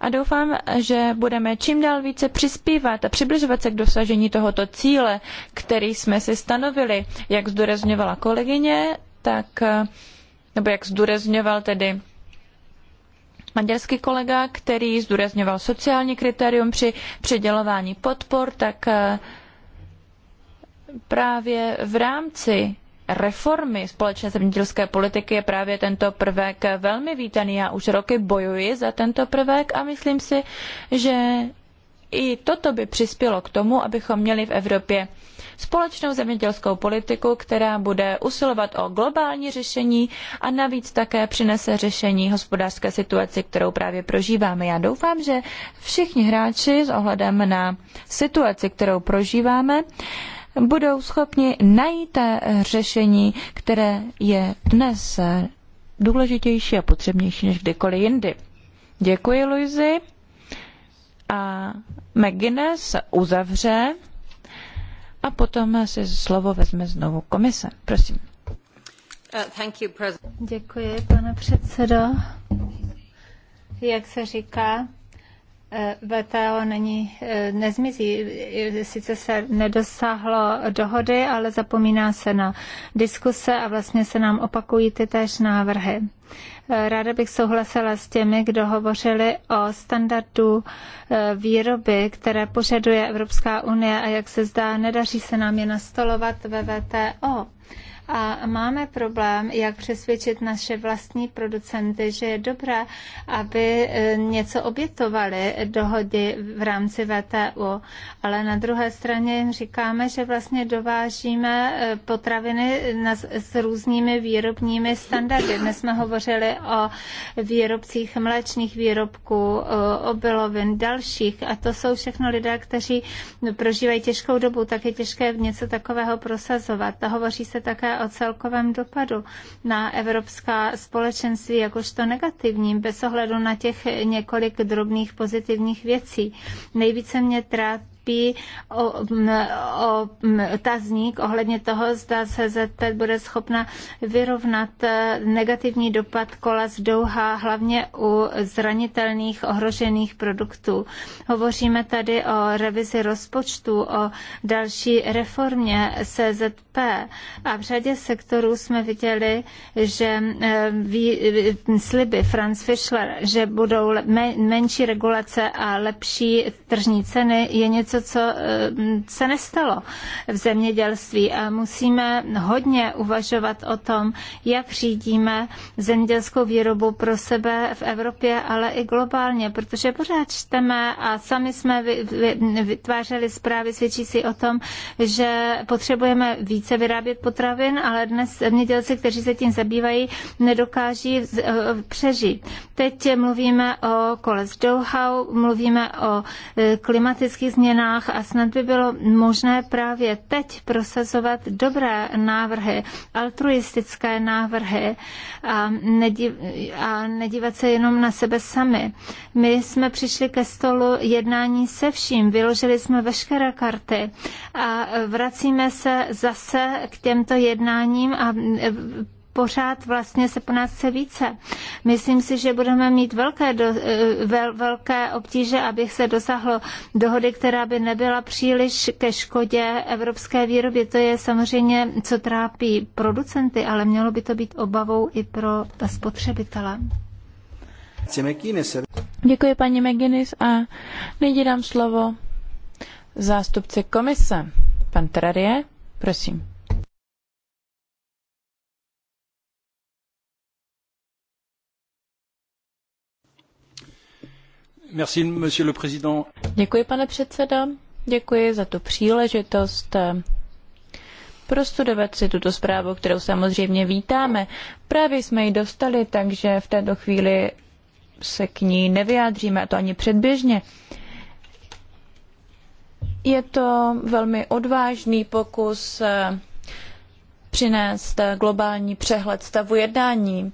A doufám, že budeme čím dál více přispívat a přibližovat se k dosažení tohoto cíle, který jsme si stanovili, jak zdůrazňovala kolegyně, tak nebo jak zdůrazňoval tedy maďarský kolega, který zdůrazňoval sociální kritérium při předělování podpor, tak eh, právě v rámci reformy společné zemědělské politiky je právě tento prvek velmi vítaný. Já už roky bojuji za tento prvek a myslím si, že i toto by přispělo k tomu, abychom měli v Evropě společnou zemědělskou politiku, která bude usilovat o globální řešení a navíc také přinese řešení hospodářské situaci, kterou právě prožíváme. Já doufám, že všichni hráči s ohledem na situaci, kterou prožíváme, budou schopni najít řešení, které je dnes důležitější a potřebnější než kdykoliv jindy. Děkuji, Luizi a McGuinness uzavře a potom si slovo vezme znovu komise. Prosím. Uh, Děkuji, pane předsedo. Jak se říká, eh, VTO není, eh, nezmizí. Sice se nedosáhlo dohody, ale zapomíná se na diskuse a vlastně se nám opakují ty též návrhy. Ráda bych souhlasila s těmi, kdo hovořili o standardu e, výroby, které požaduje Evropská unie a jak se zdá, nedaří se nám je nastolovat ve VTO a máme problém, jak přesvědčit naše vlastní producenty, že je dobré, aby e, něco obětovali dohody v rámci VTU. Ale na druhé straně jim říkáme, že vlastně dovážíme e, potraviny s různými výrobními standardy. My jsme hovořili o výrobcích mléčných výrobků, obilovin, dalších a to jsou všechno lidé, kteří prožívají těžkou dobu, tak je těžké něco takového prosazovat. A hovoří se také o celkovém dopadu na evropská společenství jakožto negativním, bez ohledu na těch několik drobných pozitivních věcí. Nejvíce mě trápí trápí o, o tazník ohledně toho, zda se ZP bude schopna vyrovnat eh, negativní dopad kola z douha, hlavně u zranitelných ohrožených produktů. Hovoříme tady o revizi rozpočtu, o další reformě CZP a v řadě sektorů jsme viděli, že eh, vý, eh, sliby Franz Fischler, že budou menší regulace a lepší tržní ceny, je něco něco, co eh, se nestalo v zemědělství a musíme hodně uvažovat o tom, jak řídíme zemědělskou výrobu pro sebe v Evropě, ale i globálně, protože pořád čteme a sami jsme vytvářeli zprávy svědčící o tom, že potřebujeme více vyrábět potravin, ale dnes zemědělci, kteří se tím zabývají, nedokáží eh, přežít. Teď mluvíme o kole z mluvíme o eh, klimatických změnách, stranách a snad by bylo možné právě teď prosazovat dobré návrhy, altruistické návrhy a, nedív, a nedívat se jenom na sebe sami. My jsme přišli ke stolu jednání se vším, vyložili jsme veškeré karty a vracíme se zase k těmto jednáním a pořád vlastně se po nás chce více. Myslím si, že budeme mít velké, do, eh, vel, velké obtíže, abych se dosáhlo dohody, která by nebyla příliš ke škodě evropské výrobě. To je samozřejmě, co trápí producenty, ale mělo by to být obavou i pro spotřebitele. Děkuji paní McGuinness a nyní dám slovo zástupci komise. Pan Trarie, prosím. Děkuji, pane předsedající. Děkuji za tu příležitost eh, prostudovat si tuto zprávu, kterou samozřejmě vítáme. Právě jsme ji dostali, takže v této chvíli se k ní nevyjádříme, a to ani předběžně. Je to velmi odvážný pokus eh, přinést globální přehled stavu jednání.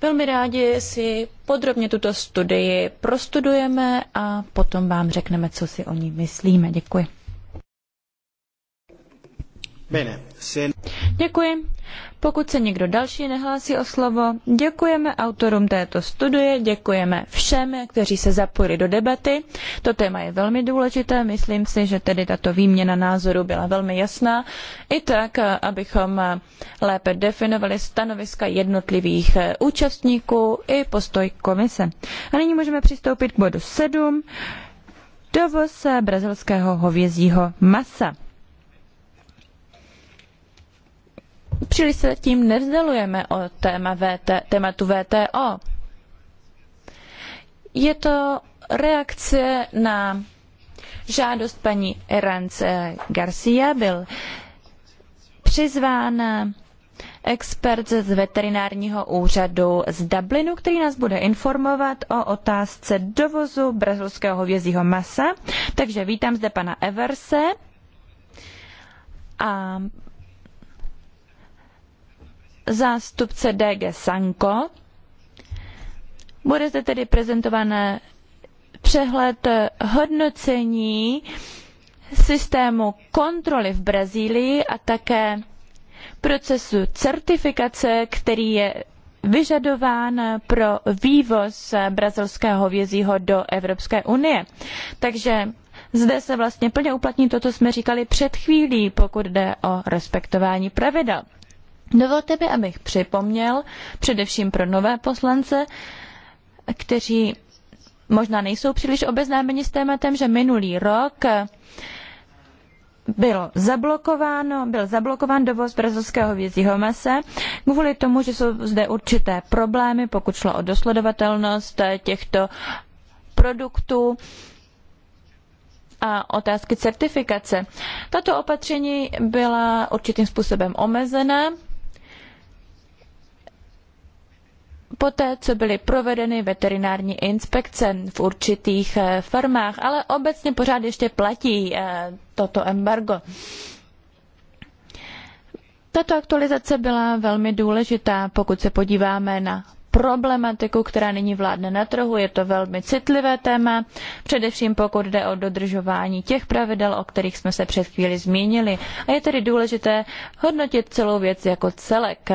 Velmi rádi si podrobně tuto studii prostudujeme a potom vám řekneme, co si o ní myslíme. Děkuji. Děkuji. Pokud se někdo další nehlásí o slovo, děkujeme autorům této studie, děkujeme všem, kteří se zapojili do debaty. To téma je velmi důležité, myslím si, že tedy tato výměna názorů byla velmi jasná, i tak, abychom lépe definovali stanoviska jednotlivých účastníků i postoj komise. A nyní můžeme přistoupit k bodu 7, dovoz brazilského hovězího masa. Příliš se tím nevzdalujeme o téma VT, tématu VTO. Je to reakce na žádost paní Erance Garcia. Byl přizván expert z veterinárního úřadu z Dublinu, který nás bude informovat o otázce dovozu brazilského hovězího masa. Takže vítám zde pana Everse a zástupce DG Sanko. Bude zde tedy prezentován přehled hodnocení systému kontroly v Brazílii a také procesu certifikace, který je vyžadován pro vývoz brazilského hovězího do Evropské unie. Takže zde se vlastně plně uplatní to, co jsme říkali před chvílí, pokud jde o respektování pravidel. Dovolte mi, abych připomněl, především pro nové poslance, kteří možná nejsou příliš obeznámeni s tématem, že minulý rok bylo zablokováno, byl zablokován dovoz brazilského vězího mase kvůli tomu, že jsou zde určité problémy, pokud šlo o dosledovatelnost těchto produktů a otázky certifikace. Tato opatření byla určitým způsobem omezena poté, co byly provedeny veterinární inspekce v určitých eh, farmách, ale obecně pořád ještě platí eh, toto embargo. Tato aktualizace byla velmi důležitá, pokud se podíváme na problematiku, která nyní vládne na trhu. Je to velmi citlivé téma, především pokud jde o dodržování těch pravidel, o kterých jsme se před chvíli zmínili. A je tedy důležité hodnotit celou věc jako celek.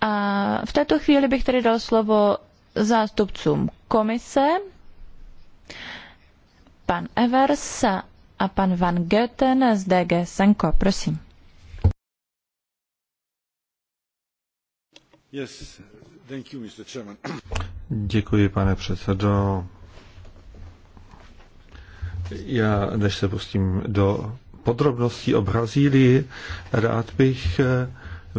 A v této chvíli bych tedy dal slovo zástupcům komise, pan Evers a pan Van Goeten z DG Senko. Prosím. Yes, thank you, Mr. Chairman. Děkuji, pane předsedo. Já, než se pustím do podrobností o Brazílii, rád bych eh,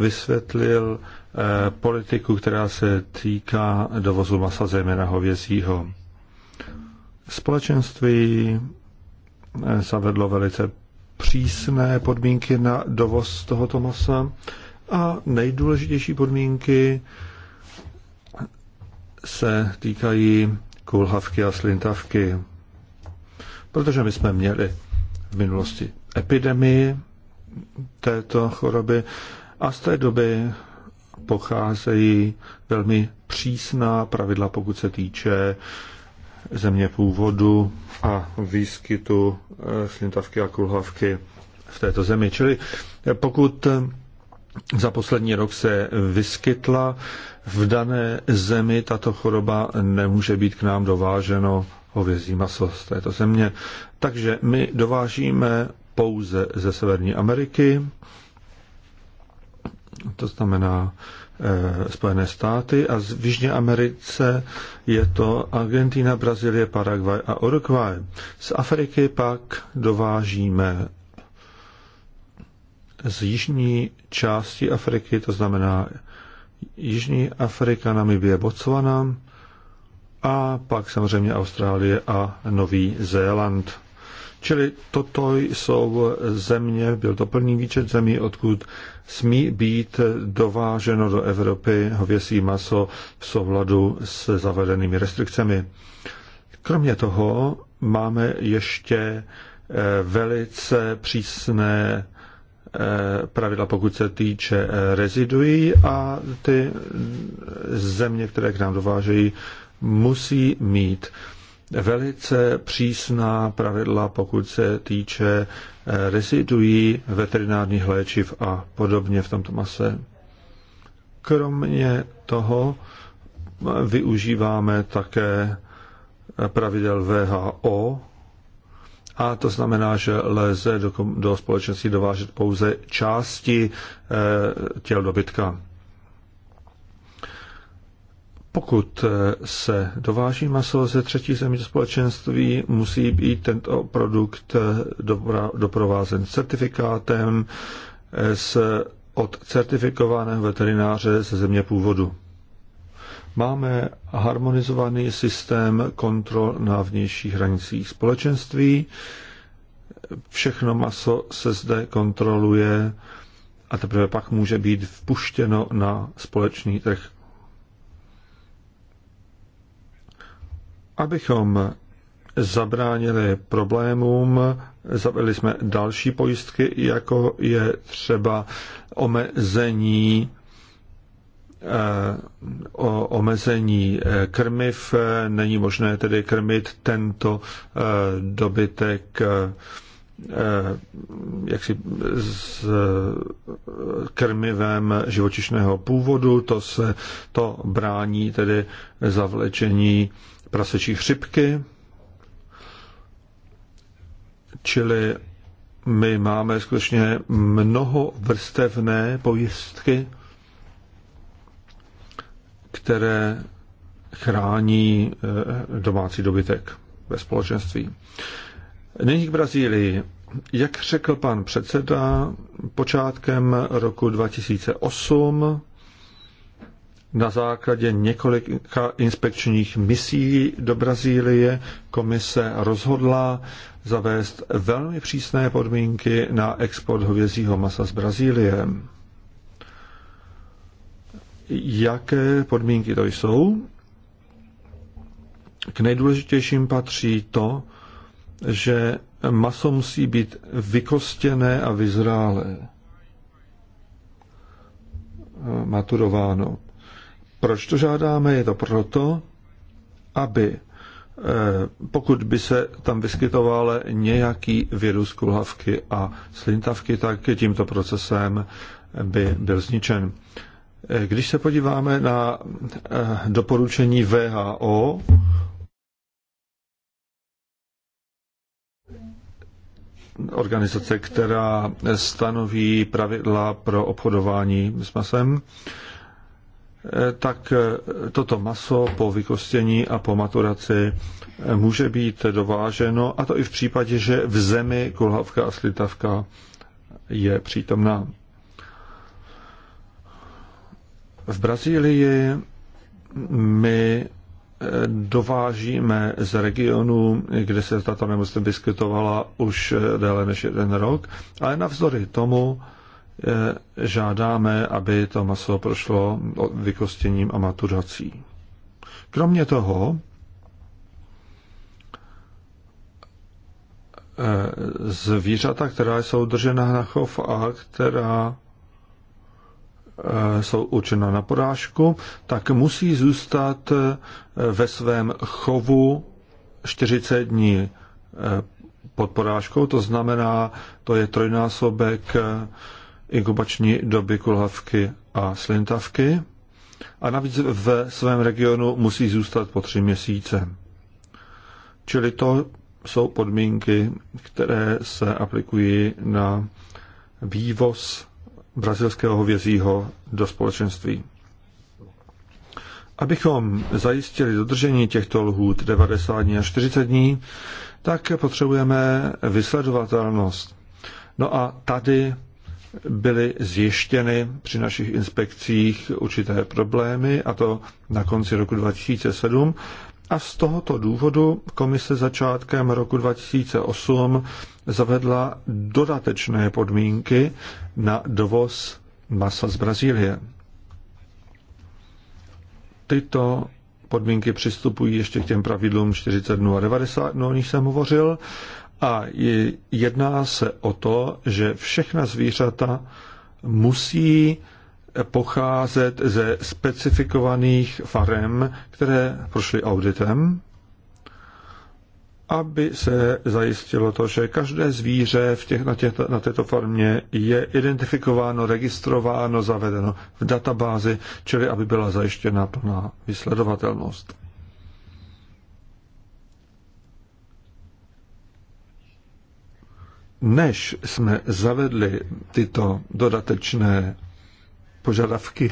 vysvětlil eh, politiku, která se týká dovozu masa, zejména hovězího. Společenství eh, zavedlo velice přísné podmínky na dovoz tohoto masa a nejdůležitější podmínky se týkají kulhavky a slintavky. Protože my jsme měli v minulosti epidemii této choroby, a z té doby pocházejí velmi přísná pravidla, pokud se týče země původu a výskytu eh, slintavky a kulhavky v této zemi. Čili eh, pokud eh, za poslední rok se vyskytla v dané zemi tato choroba, nemůže být k nám dováženo hovězí maso z této země. Takže my dovážíme pouze ze Severní Ameriky to znamená eh, Spojené státy a z Jižní Americe je to Argentina, Brazílie, Paraguay a Uruguay. Z Afriky pak dovážíme z jižní části Afriky, to znamená Jižní Afrika, Namibie, Botswana a pak samozřejmě Austrálie a Nový Zéland. Čili toto jsou země, byl to plný výčet zemí, odkud smí být dováženo do Evropy hovězí maso v souladu s zavedenými restrikcemi. Kromě toho máme ještě eh, velice přísné eh, pravidla, pokud se týče eh, rezidují a ty mm, země, které k nám dovážejí, musí mít velice přísná pravidla, pokud se týče eh, reziduí veterinárních léčiv a podobně v tomto mase. Kromě toho eh, využíváme také eh, pravidel VHO, a to znamená, že lze do, do společenství dovážet pouze části e, těl dobytka. Pokud eh, se dováží maso ze třetí zemí do společenství, musí být tento produkt eh, doprovázen certifikátem z, eh, od certifikovaného veterináře ze země původu. Máme harmonizovaný systém kontrol na vnějších hranicích společenství. Všechno maso se zde kontroluje a teprve pak může být vpuštěno na společný trh. Abychom zabránili problémům, zavedli jsme další pojistky, jako je třeba omezení eh, o omezení eh, krmiv. Eh, není možné tedy krmit tento dobytek jaksi s krmivem živočišného původu. To se to brání tedy zavlečení prasečí chřipky, čili my máme skutečně mnoho vrstevné pojistky, které chrání eh, domácí dobytek ve společenství. Nyní k Brazílii. Jak řekl pan předseda, počátkem roku 2008 na základě několika inspekčních misí do Brazílie komise rozhodla zavést velmi přísné podmínky na export hovězího masa z Brazílie. Jaké podmínky to jsou? K nejdůležitějším patří to, že maso musí být vykostěné a vyzrálé, maturováno proč to žádáme? Je to proto, aby eh, pokud by se tam vyskytoval nějaký virus kulhavky a slintavky, tak tímto procesem by byl zničen. Eh, když se podíváme na eh, doporučení VHO, organizace, která stanoví pravidla pro obchodování s masem, Eh, tak eh, toto maso po vykostění a po maturaci eh, může být dováženo, a to i v případě, že v zemi kulhavka a slitavka je přítomná. V Brazílii my dovážíme z regionu, kde se tato nemoc vyskytovala už déle než jeden rok, ale navzdory tomu Eh, žádáme, aby to maso prošlo vykostěním a maturací. Kromě toho eh, zvířata, která jsou držena na chov a která eh, jsou určena na porážku, tak musí zůstat ve svém chovu 40 dní pod porážkou, to znamená, to je trojnásobek inkubační doby kulhavky a slintavky a navíc ve svém regionu musí zůstat po tři měsíce. Čili to jsou podmínky, které se aplikují na vývoz brazilského hovězího do společenství. Abychom zajistili dodržení těchto lhůt 90 dní a 40 dní, tak potřebujeme vysledovatelnost. No a tady byly zjištěny při našich inspekcích určité problémy, a to na konci roku 2007. A z tohoto důvodu komise začátkem roku 2008 zavedla dodatečné podmínky na dovoz masa z Brazílie. Tyto podmínky přistupují ještě k těm pravidlům 40 dnů a 90 dnů, o nich jsem hovořil, a jedná se o to, že všechna zvířata musí pocházet ze specifikovaných farem, které prošly auditem, aby se zajistilo to, že každé zvíře v těch, na, těch, na této farmě je identifikováno, registrováno, zavedeno v databázi, čili aby byla zajištěna plná vysledovatelnost. než jsme zavedli tyto dodatečné požadavky,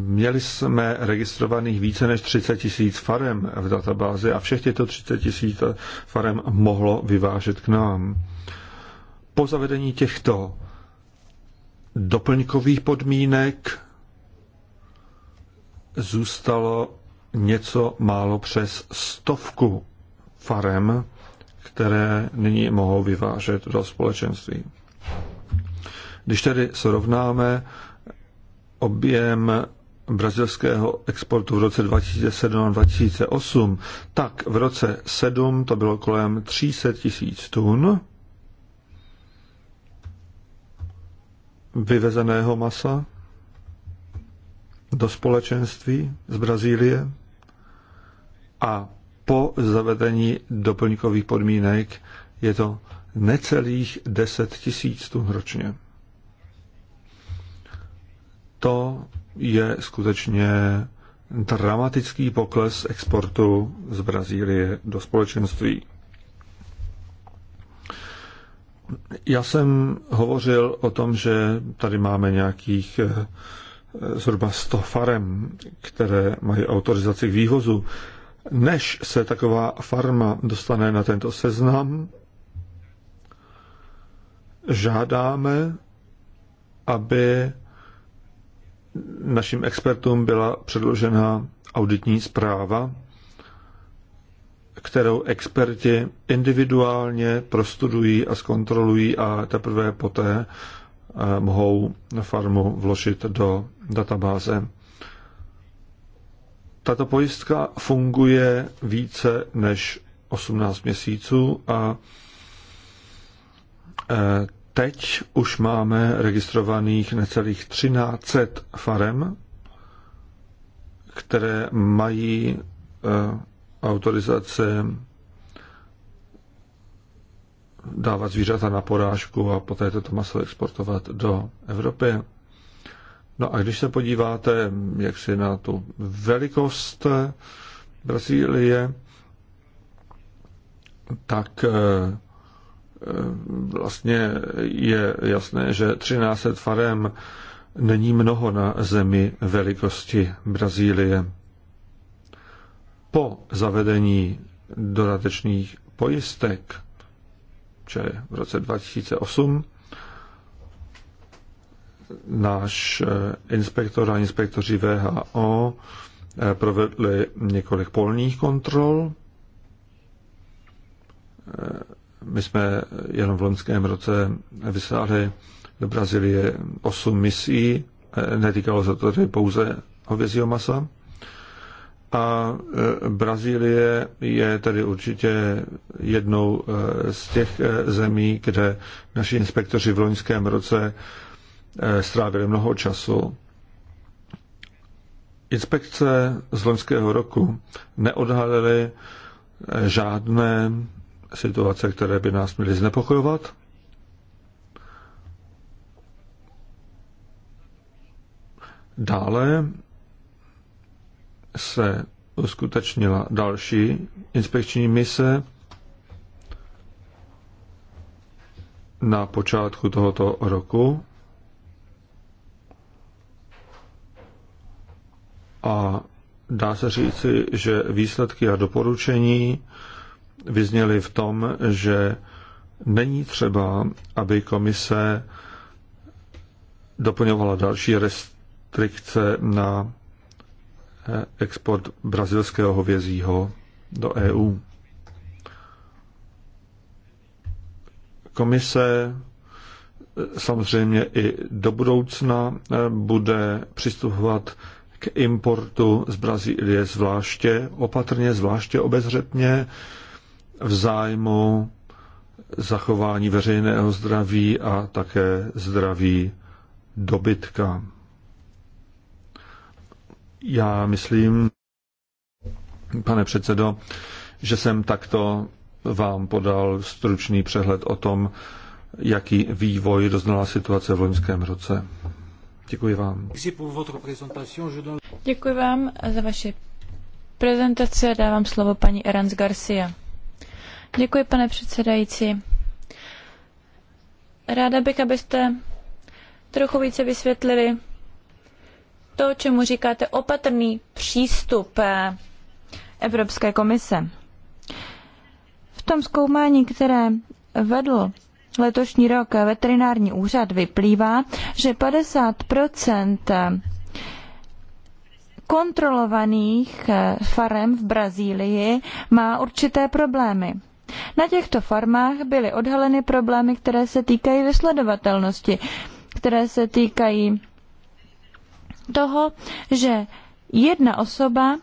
Měli jsme registrovaných více než 30 tisíc farem v databázi a všech těchto 30 tisíc farem mohlo vyvážet k nám. Po zavedení těchto doplňkových podmínek zůstalo něco málo přes stovku farem, které nyní mohou vyvážet do společenství. Když tedy srovnáme objem brazilského exportu v roce 2007 a 2008, tak v roce 7 to bylo kolem 300 tisíc tun vyvezeného masa do společenství z Brazílie a po zavedení doplňkových podmínek je to necelých 10 tisíc tun ročně. To je skutečně dramatický pokles exportu z Brazílie do společenství. Já jsem hovořil o tom, že tady máme nějakých eh, zhruba 100 farem, které mají autorizaci k vývozu. Než se taková farma dostane na tento seznam, žádáme, aby našim expertům byla předložena auditní zpráva, kterou experti individuálně prostudují a zkontrolují a teprve poté eh, mohou farmu vložit do databáze. Tato pojistka funguje více než 18 měsíců a e, teď už máme registrovaných necelých 1300 farem, které mají e, autorizace dávat zvířata na porážku a poté toto maso exportovat do Evropy. No a když se podíváte, jak si na tu velikost Brazílie, tak eh, eh, vlastně je jasné, že 13 farem není mnoho na zemi velikosti Brazílie. Po zavedení dodatečných pojistek, čili v roce 2008, náš eh, inspektor a inspektoři VHO eh, provedli několik polních kontrol. Eh, my jsme jenom v loňském roce vyslali do Brazílie 8 misí, netýkalo se to tedy pouze hovězího masa. A Brazílie je tedy určitě jednou z těch zemí, kde naši inspektoři v loňském roce Eh, strávili mnoho času. Inspekce z loňského roku neodhalily eh, žádné situace, které by nás měly znepokojovat. Dále se uskutečnila další inspekční mise na počátku tohoto roku a dá se říci, že výsledky a doporučení vyzněly v tom, že není třeba, aby komise doplňovala další restrikce na eh, export brazilského hovězího do EU. Komise eh, samozřejmě i do budoucna eh, bude přistupovat k importu z Brazílie zvláště opatrně, zvláště obezřetně v zájmu zachování veřejného zdraví a také zdraví dobytka. Já myslím, pane předsedo, že jsem takto vám podal stručný přehled o tom, jaký vývoj doznala situace v loňském roce. Děkuji vám. Děkuji vám za vaši prezentaci a dávám slovo paní Erans Garcia. Děkuji, pane předsedající. Ráda bych, abyste trochu více vysvětlili to, čemu říkáte opatrný přístup eh, Evropské komise. V tom zkoumání, které vedl letošní rok veterinární úřad vyplývá, že 50 kontrolovaných farem v Brazílii má určité problémy. Na těchto farmách byly odhaleny problémy, které se týkají vysledovatelnosti, které se týkají toho, že jedna osoba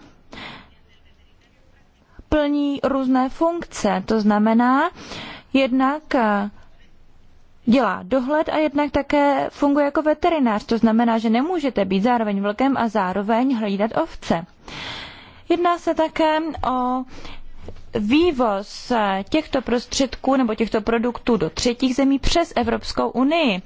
plní různé funkce. To znamená, jednak dělá dohled a jednak také funguje jako veterinář. To znamená, že nemůžete být zároveň vlkem a zároveň hlídat ovce. Jedná se také o vývoz eh, těchto prostředků nebo těchto produktů do třetích zemí přes Evropskou unii.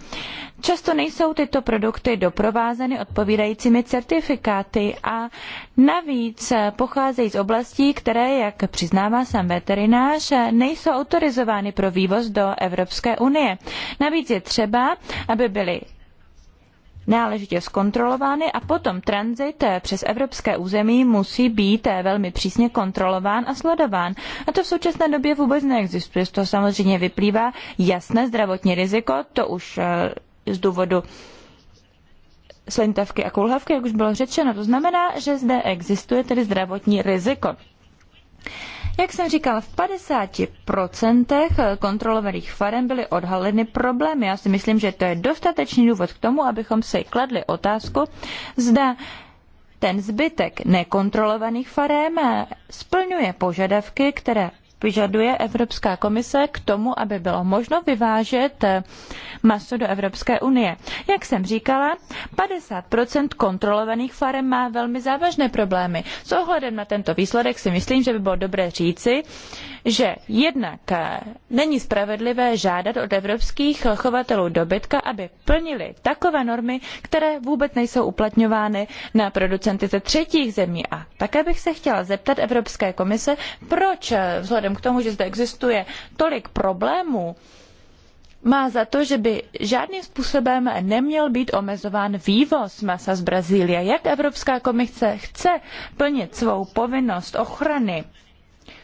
Často nejsou tyto produkty doprovázeny odpovídajícími certifikáty a navíc eh, pocházejí z oblastí, které, jak přiznává sám veterinář, eh, nejsou autorizovány pro vývoz do Evropské unie. Navíc je třeba, aby byly náležitě zkontrolovány a potom tranzit eh, přes evropské území musí být eh, velmi přísně kontrolován a sledován. A to v současné době vůbec neexistuje. Z toho samozřejmě vyplývá jasné zdravotní riziko, to už eh, z důvodu slintavky a kulhavky, jak už bylo řečeno. To znamená, že zde existuje tedy zdravotní riziko. Jak jsem říkal, v 50% kontrolovaných farem byly odhaleny problémy. Já si myslím, že to je dostatečný důvod k tomu, abychom si kladli otázku, zda ten zbytek nekontrolovaných farem splňuje požadavky, které vyžaduje Evropská komise k tomu, aby bylo možno vyvážet eh, maso do Evropské unie. Jak jsem říkala, 50% kontrolovaných farem má velmi závažné problémy. S ohledem na tento výsledek si myslím, že by bylo dobré říci, že jednak eh, není spravedlivé žádat od evropských chovatelů dobytka, aby plnili takové normy, které vůbec nejsou uplatňovány na producenty ze třetích zemí. A také bych se chtěla zeptat Evropské komise, proč eh, vzhledem k tomu, že zde existuje tolik problémů, má za to, že by žádným způsobem neměl být omezován vývoz masa z Brazílie. Jak Evropská komise chce plnit svou povinnost ochrany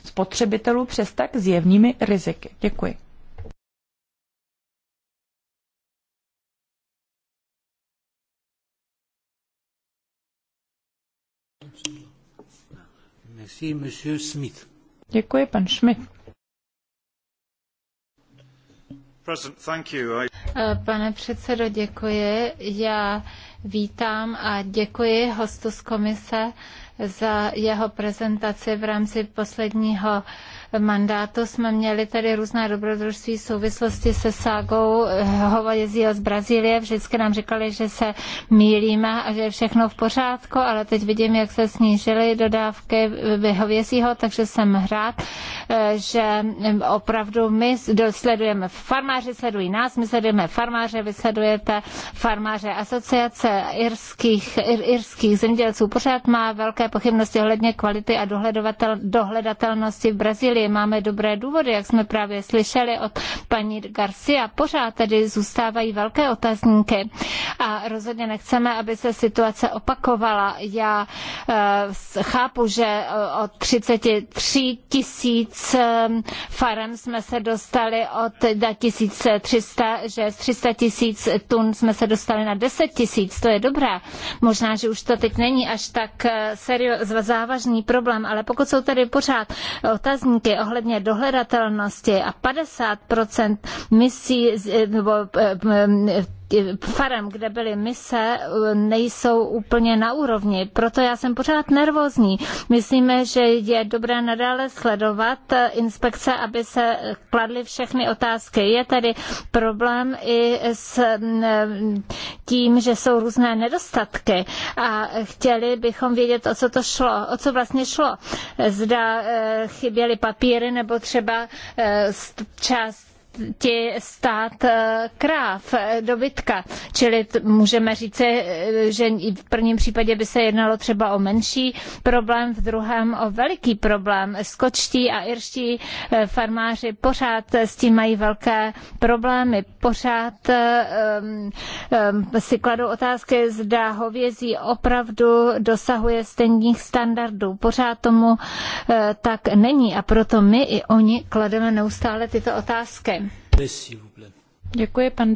spotřebitelů přes tak zjevnými riziky. Děkuji. Smith. Děkuji, pan Schmidt. Eh, pane předsedo, děkuji. Já vítám a děkuji hostu z komise za jeho prezentaci v rámci posledního mandátu. Jsme měli tady různá dobrodružství v souvislosti se ságou hovězího z Brazílie. Vždycky nám říkali, že se mílíme a že je všechno v pořádku, ale teď vidím, jak se snížily dodávky hovězího, takže jsem rád, že opravdu my sledujeme farmáři, sledují nás, my sledujeme farmáře, vy sledujete farmáře. Asociace irských, ir, irských zemědělců pořád má velké pochybnosti ohledně kvality a dohledatelnosti v Brazílii. Máme dobré důvody, jak jsme právě slyšeli od paní Garcia. Pořád tedy zůstávají velké otazníky a rozhodně nechceme, aby se situace opakovala. Já eh, chápu, že eh, od 33 tisíc eh, farem jsme se dostali od 1300, že z 300 tisíc tun jsme se dostali na 10 tisíc, to je dobré. Možná, že už to teď není až tak se závažný problém, ale pokud jsou tady pořád otazníky ohledně dohledatelnosti a 50% misí nebo eh, farem, kde byly mise, nejsou úplně na úrovni. Proto já jsem pořád nervózní. Myslíme, že je dobré nadále sledovat eh, inspekce, aby se kladly všechny otázky. Je tedy problém i s mm, eh, tím, že jsou různé nedostatky a chtěli bychom vědět, o co to šlo, o co vlastně šlo. Zda eh, chyběly papíry nebo třeba část ti stát eh, kráv, eh, dobytka. Čili můžeme říci, eh, že v prvním případě by se jednalo třeba o menší problém, v druhém o veliký problém. Skočtí a irští farmáři pořád s tím mají velké problémy. Pořád um, um, si kladou otázky, zda hovězí opravdu dosahuje stejných standardů. Pořád tomu uh, tak není a proto my i oni klademe neustále tyto otázky. Děkuji, pan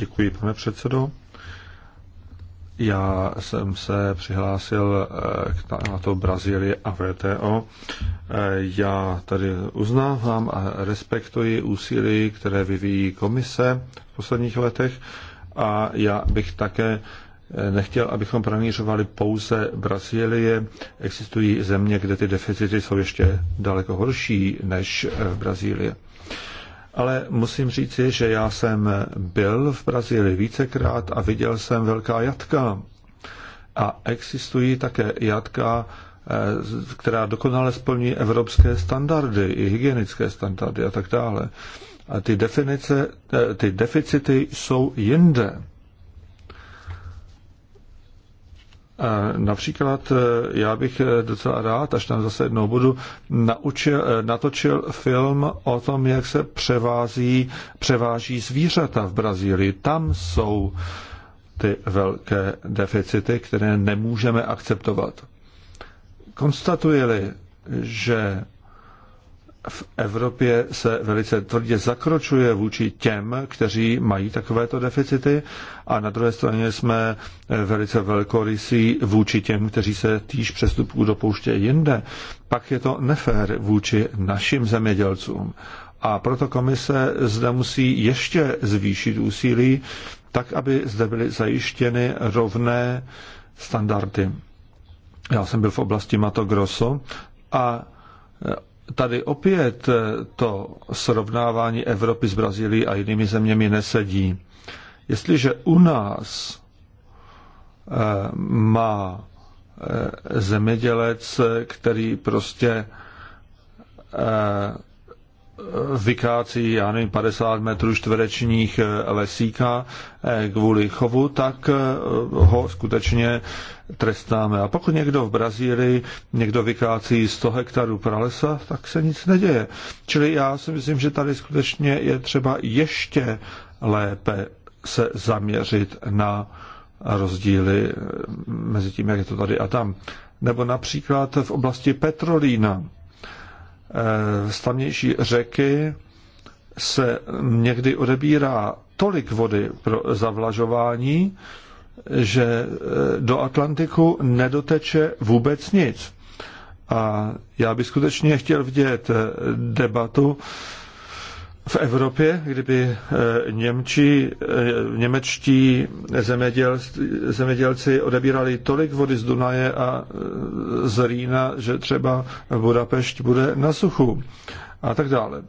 Děkuji, pane předsedo. Já jsem se přihlásil eh, k na to Brazílii a VTO. Eh, já tady uznávám a respektuji úsilí, které vyvíjí komise v posledních letech a já bych také nechtěl, abychom pranířovali pouze Brazílie. Existují země, kde ty deficity jsou ještě daleko horší než v Brazílii. Ale musím říci, že já jsem byl v Brazílii vícekrát a viděl jsem velká jatka. A existují také jatka, eh, která dokonale splní evropské standardy, i hygienické standardy a tak dále. A ty, definice, eh, ty deficity jsou jinde. Například eh, já bych eh, docela rád, až tam zase jednou budu, naučil, eh, natočil film o tom, jak se převází, převáží zvířata v Brazílii. Tam jsou ty velké deficity, které nemůžeme akceptovat. Konstatujeli, že v Evropě se velice tvrdě zakročuje vůči těm, kteří mají takovéto deficity a na druhé straně jsme velice velkorysí vůči těm, kteří se týž přestupků dopouštějí jinde. Pak je to nefér vůči našim zemědělcům. A proto komise zde musí ještě zvýšit úsilí, tak aby zde byly zajištěny rovné standardy. Já jsem byl v oblasti Mato Grosso a tady opět eh, to srovnávání Evropy s Brazílií a jinými zeměmi nesedí. Jestliže u nás eh, má eh, zemědělec, který prostě vykácí, já nevím, 50 metrů čtverečních eh, lesíka eh, kvůli chovu, tak eh, ho skutečně trestáme. A pokud někdo v Brazílii, někdo vykácí 100 hektarů pralesa, tak se nic neděje. Čili já si myslím, že tady skutečně je třeba ještě lépe se zaměřit na rozdíly mezi tím, jak je to tady a tam. Nebo například v oblasti petrolína tamnější eh, řeky se někdy odebírá tolik vody pro zavlažování, že eh, do Atlantiku nedoteče vůbec nic. A já bych skutečně chtěl vidět eh, debatu v Evropě, kdyby eh, Němčí, eh, němečtí zemědělci, zemědělci odebírali tolik vody z Dunaje a eh, z Rýna, že třeba Budapešť bude na suchu a tak dále.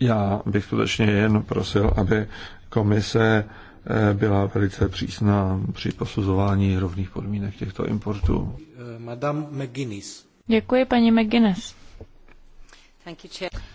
Já bych skutečně jen prosil, aby komise byla velice přísná při posuzování rovných podmínek těchto importů. Madame McGuinness. Děkuji, paní McGuinness. Thank you, chair.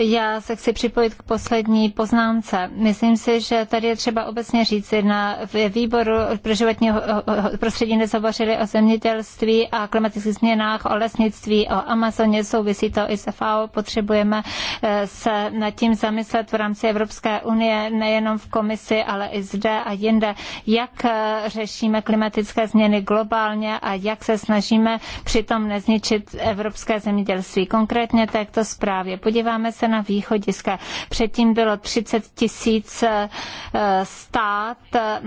Já se chci připojit k poslední poznámce. Myslím si, že tady je třeba obecně říci, na výboru pro životní prostředí nezobořili o zemědělství a klimatických změnách, o lesnictví, o Amazoně, souvisí to i se FAO. Potřebujeme eh, se nad tím zamyslet v rámci Evropské unie, nejenom v komisi, ale i zde a jinde, jak eh, řešíme klimatické změny globálně a jak se snažíme přitom nezničit evropské zemědělství. Konkrétně této zprávě. Podíváme se na východiska. Předtím bylo 30 tisíc eh, stát, eh,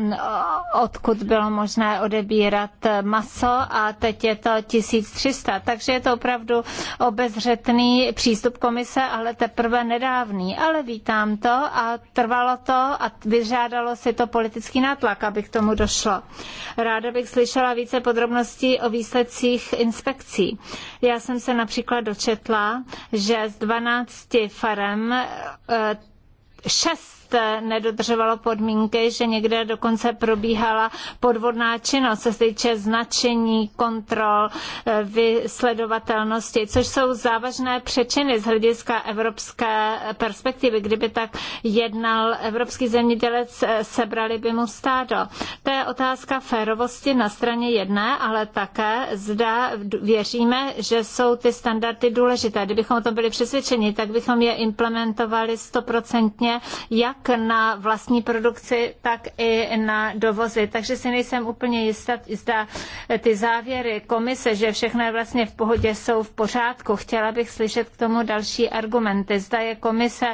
odkud bylo možné odebírat eh, maso a teď je to 1300. Takže je to opravdu obezřetný přístup komise, ale teprve nedávný. Ale vítám to a trvalo to a vyžádalo si to politický nátlak, aby k tomu došlo. Ráda bych slyšela více podrobností o výsledcích inspekcí. Já jsem se například dočetla, že z 12 farem eh, šest nedodržovalo podmínky, že někde dokonce probíhala podvodná činnost, co se týče značení, kontrol, eh, vysledovatelnosti, což jsou závažné přečiny z hlediska evropské perspektivy. Kdyby tak jednal evropský zemědělec, eh, sebrali by mu stádo. To je otázka férovosti na straně jedné, ale také zda věříme, že jsou ty standardy důležité. Kdybychom o tom byli přesvědčeni, tak bychom je implementovali stoprocentně jak jak na vlastní produkci, tak i na dovozy. Takže si nejsem úplně jistá, zda eh, ty závěry komise, že všechno je vlastně v pohodě, jsou v pořádku. Chtěla bych slyšet k tomu další argumenty. Zda je komise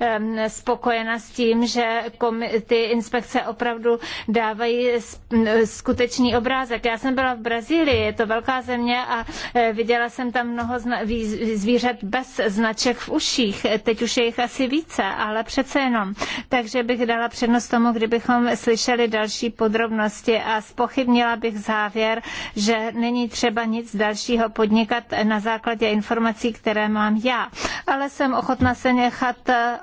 ehm, spokojena s tím, že ty inspekce opravdu dávají skutečný obrázek. Já jsem byla v Brazílii, je to velká země a eh, viděla jsem tam mnoho zvířat bez značek v uších. Teď už je jich asi více, ale přece jenom takže bych dala přednost tomu, kdybychom slyšeli další podrobnosti a spochybnila bych závěr, že není třeba nic dalšího podnikat na základě informací, které mám já. Ale jsem ochotna se nechat eh,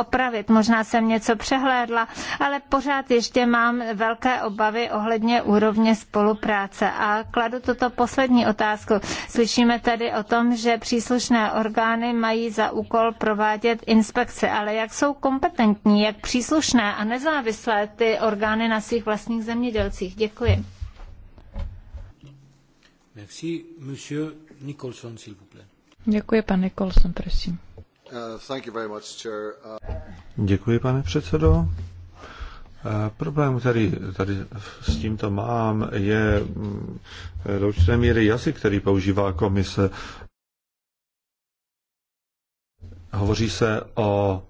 opravit. Možná jsem něco přehlédla, ale pořád ještě mám velké obavy ohledně úrovně spolupráce. A kladu toto poslední otázku. Slyšíme tady o tom, že příslušné orgány mají za úkol provádět inspekce, ale jak jsou kompetentní? kompetentní, jak příslušné a nezávislé ty orgány na svých vlastních zemědělcích. Děkuji. Merci, monsieur Nicholson, s'il vous plaît. Děkuji, pane Nicholson, prosím. Uh, uh, Děkuji, pane předsedo. Uh, problém, který tady s tímto mám, je mm, do určité míry jazyk, který používá komise. Hovoří se o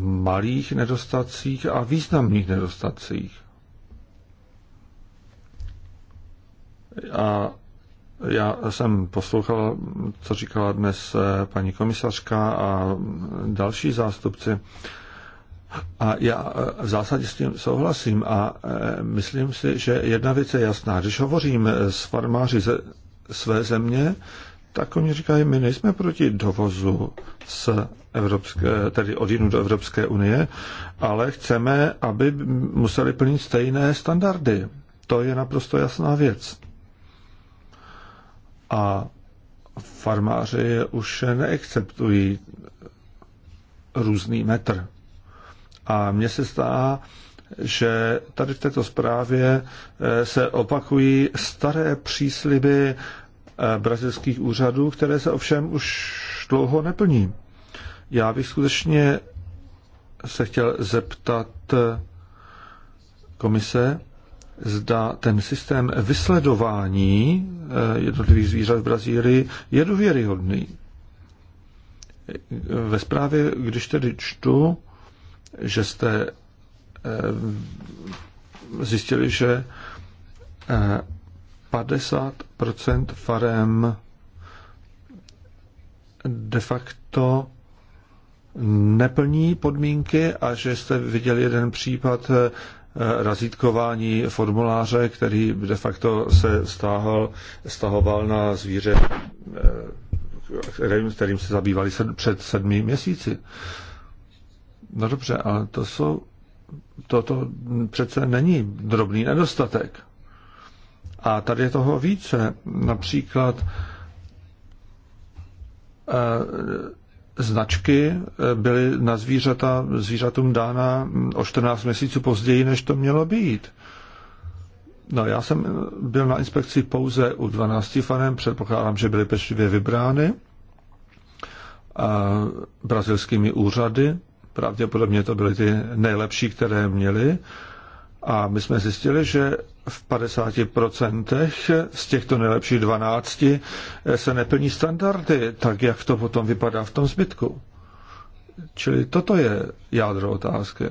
malých nedostacích a významných nedostacích. A já jsem poslouchal, co říkala dnes eh, paní komisařka a další zástupci. A já eh, v zásadě s tím souhlasím a eh, myslím si, že jedna věc je jasná. Když hovořím s farmáři ze své země, tak oni říkají, my nejsme proti dovozu z Evropské, tedy od do Evropské unie, ale chceme, aby museli plnit stejné standardy. To je naprosto jasná věc. A farmáři už neakceptují různý metr. A mně se zdá, že tady v této zprávě eh, se opakují staré přísliby Eh, brazilských úřadů, které se ovšem už dlouho neplní. Já bych skutečně se chtěl zeptat eh, komise, zda ten systém vysledování eh, jednotlivých zvířat v Brazílii je důvěryhodný. Ve zprávě, když tedy čtu, že jste zjistili, že 50 farem de facto neplní podmínky a že jste viděli jeden případ eh, razítkování formuláře, který de facto se stáhl, stahoval na zvíře, eh, kterým, kterým se zabývali sed, před sedmi měsíci. No dobře, ale to jsou, toto přece není drobný nedostatek. A tady je toho více. Například eh, značky eh, byly na zvířata, zvířatům dána mm, o 14 měsíců později, než to mělo být. No, já jsem byl na inspekci pouze u 12 farem, předpokládám, že byly pečlivě vybrány a brazilskými úřady. Pravděpodobně to byly ty nejlepší, které měly. A my jsme zjistili, že v 50% z těchto nejlepších 12 se neplní standardy, tak jak to potom vypadá v tom zbytku. Čili toto je jádro otázky.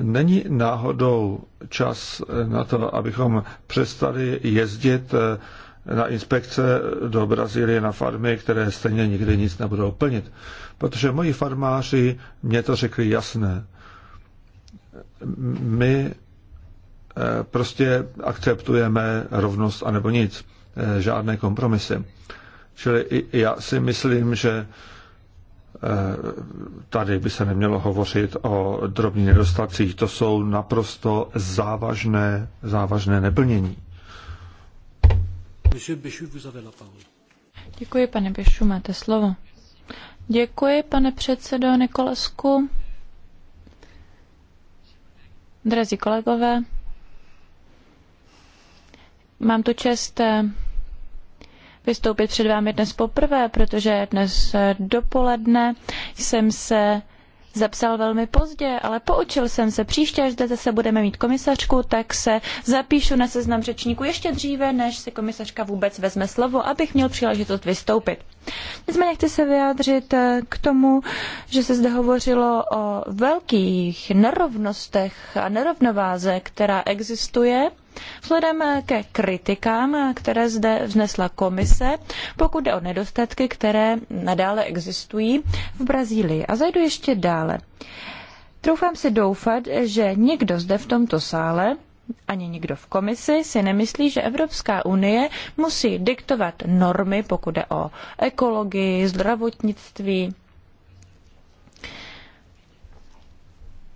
Není náhodou čas na to, abychom přestali jezdit eh, na inspekce do Brazílie na farmy, které stejně nikdy nic nebudou plnit. Protože moji farmáři mě to řekli jasné my eh, prostě akceptujeme rovnost anebo nic, eh, žádné kompromisy. Čili já si myslím, že eh, tady by se nemělo hovořit o drobných nedostatcích. To jsou naprosto závažné, závažné neplnění. Děkuji, pane Bešu, máte slovo. Děkuji, pane předsedo Nikolasku. Drazí kolegové, mám tu čest eh, vystoupit před vámi dnes poprvé, protože dnes eh, dopoledne jsem se zapsal velmi pozdě, ale poučil jsem se. Příště, až zde zase budeme mít komisařku, tak se zapíšu na seznam řečníků ještě dříve, než si komisařka vůbec vezme slovo, abych měl příležitost vystoupit. Nicméně chci se vyjádřit eh, k tomu, že se zde hovořilo o velkých nerovnostech a nerovnováze, která existuje Vzhledem ke kritikám, které zde vznesla komise, pokud jde o nedostatky, které nadále existují v Brazílii. A zajdu ještě dále. Troufám si doufat, že někdo zde v tomto sále ani nikdo v komisi si nemyslí, že Evropská unie musí diktovat normy, pokud jde o ekologii, zdravotnictví,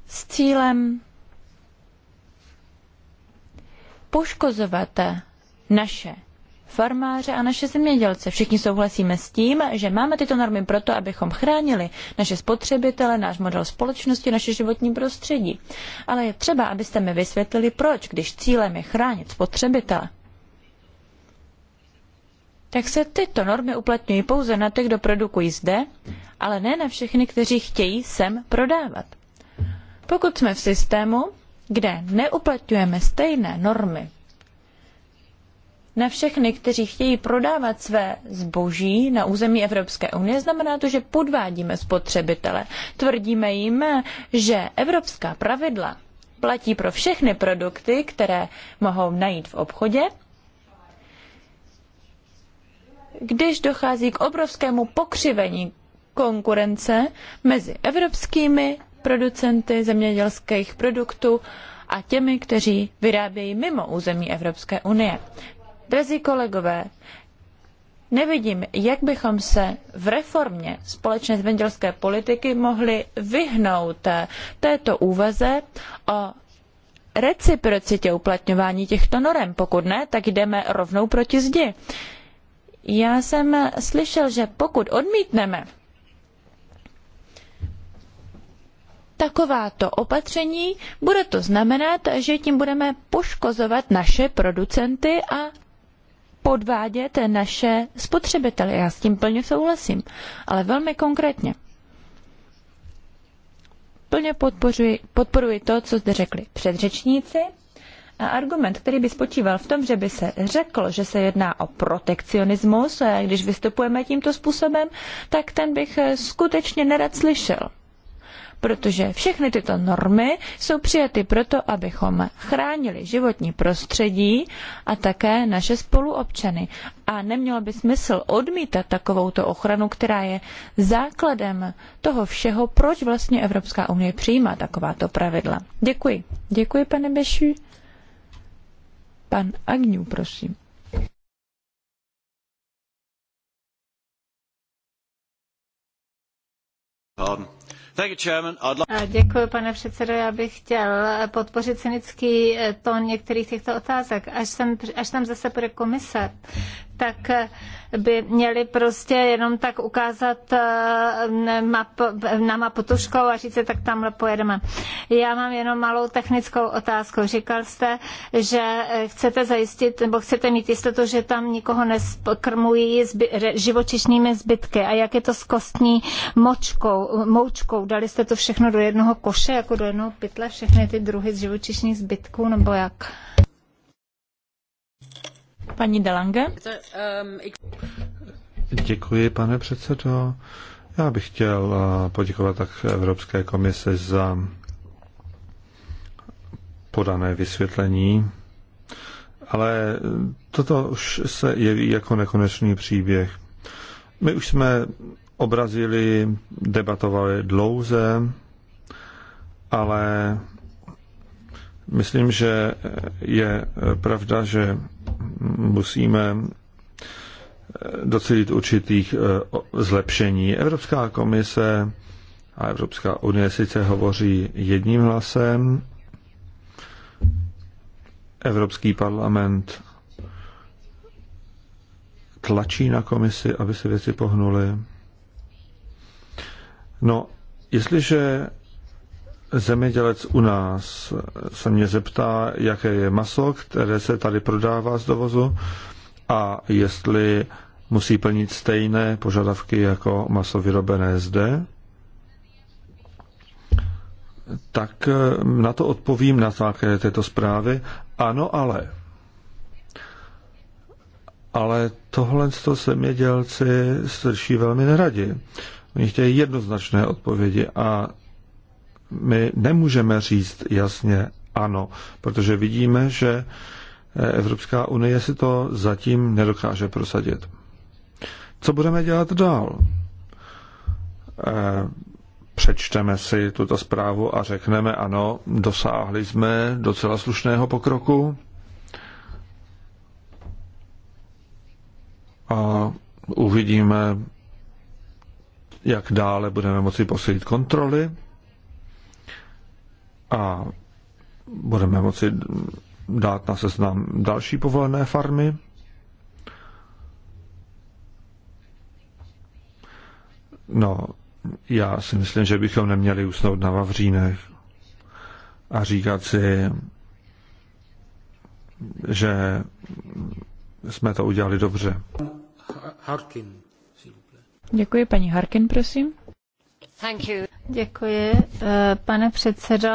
s cílem poškozovat naše farmáře a naše zemědělce. Všichni souhlasíme s tím, že máme tyto normy proto, abychom chránili naše spotřebitele, náš model společnosti, naše životní prostředí. Ale je třeba, abyste mi vysvětlili, proč, když cílem je chránit spotřebitele. Tak se tyto normy uplatňují pouze na ty, kdo produkují zde, ale ne na všechny, kteří chtějí sem prodávat. Pokud jsme v systému, kde neuplatňujeme stejné normy na všechny, kteří chtějí prodávat své zboží na území Evropské unie, znamená to, že podvádíme spotřebitele. Tvrdíme jim, že evropská pravidla platí pro všechny produkty, které mohou najít v obchodě, když dochází k obrovskému pokřivení konkurence mezi evropskými producenty zemědělských produktů a těmi, kteří vyrábějí mimo území Evropské unie. Drazí kolegové, nevidím, jak bychom se v reformě společné zemědělské politiky mohli vyhnout této úvaze o reciprocitě uplatňování těchto norem. Pokud ne, tak jdeme rovnou proti zdi. Já jsem slyšel, že pokud odmítneme takováto opatření, bude to znamenat, že tím budeme poškozovat naše producenty a podvádět naše spotřebitele. Já s tím plně souhlasím, ale velmi konkrétně. Plně podporuji, podporuji to, co zde řekli předřečníci. A argument, který by spočíval v tom, že by se řeklo, že se jedná o protekcionismus, eh, když vystupujeme tímto způsobem, tak ten bych eh, skutečně nerad slyšel protože všechny tyto normy jsou přijaty proto, abychom chránili životní prostředí a také naše spoluobčany. A nemělo by smysl odmítat takovouto ochranu, která je základem toho všeho, proč vlastně Evropská unie přijímá takováto pravidla. Děkuji. Děkuji, pane Bešu. Pan Agňu, prosím. Pardon. Děkuji, pane předsedo. Já bych chtěl podpořit cynický tón některých těchto otázek. Až, sem, až tam zase bude komise, tak eh, by měli prostě jenom tak ukázat eh, na mapu školu a říct tak tamhle pojedeme. Já mám jenom malou technickou otázku. Říkal jste, že eh, chcete zajistit, nebo chcete mít jistotu, že tam nikoho nespokrmují zby, živočišnými zbytky. A jak je to s kostní močkou, moučkou? Dali jste to všechno do jednoho koše, jako do jednoho pytle, všechny ty druhy z živočišných zbytků, nebo jak? Paní Delange? Děkuji, pane předsedo. Já bych chtěl eh, poděkovat tak Evropské komise za podané vysvětlení, ale toto už se jeví jako nekonečný příběh. My už jsme obrazili, debatovali dlouze, ale myslím, že je pravda, že musíme eh, docelit určitých eh, zlepšení. Evropská komise a Evropská unie sice hovoří jedním hlasem, Evropský parlament tlačí na komisi, aby se věci pohnuly. No, jestliže zemědělec u nás se mě zeptá, jaké je maso, které se tady prodává z dovozu a jestli musí plnit stejné požadavky jako maso vyrobené zde, tak na to odpovím na základě této zprávy. Ano, ale. Ale tohle to zemědělci slyší velmi neradi. Oni chtějí jednoznačné odpovědi a my nemůžeme říct jasně ano, protože vidíme, že Evropská unie si to zatím nedokáže prosadit. Co budeme dělat dál? Eh, přečteme si tuto zprávu a řekneme ano, dosáhli jsme docela slušného pokroku. A uvidíme, jak dále budeme moci posílit kontroly a budeme moci dát na seznam další povolené farmy. No, já si myslím, že bychom neměli usnout na Vavřínech a říkat si, že jsme to udělali dobře. Harkin. Děkuji, paní Harkin, prosím. Eh, pane předsedo.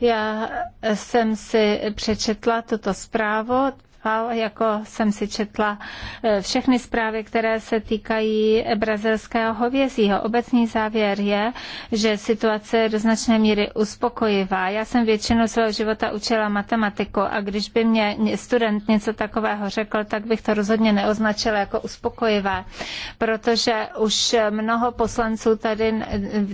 Já jsem si přečetla tuto zprávu Pascal, jako jsem si četla eh, všechny zprávy, které se týkají brazilského hovězího. Obecný závěr je, že situace je do značné míry uspokojivá. Já jsem většinu svého života učila matematiku a když by mě student něco takového řekl, tak bych to rozhodně neoznačila jako uspokojivé, protože už mnoho poslanců tady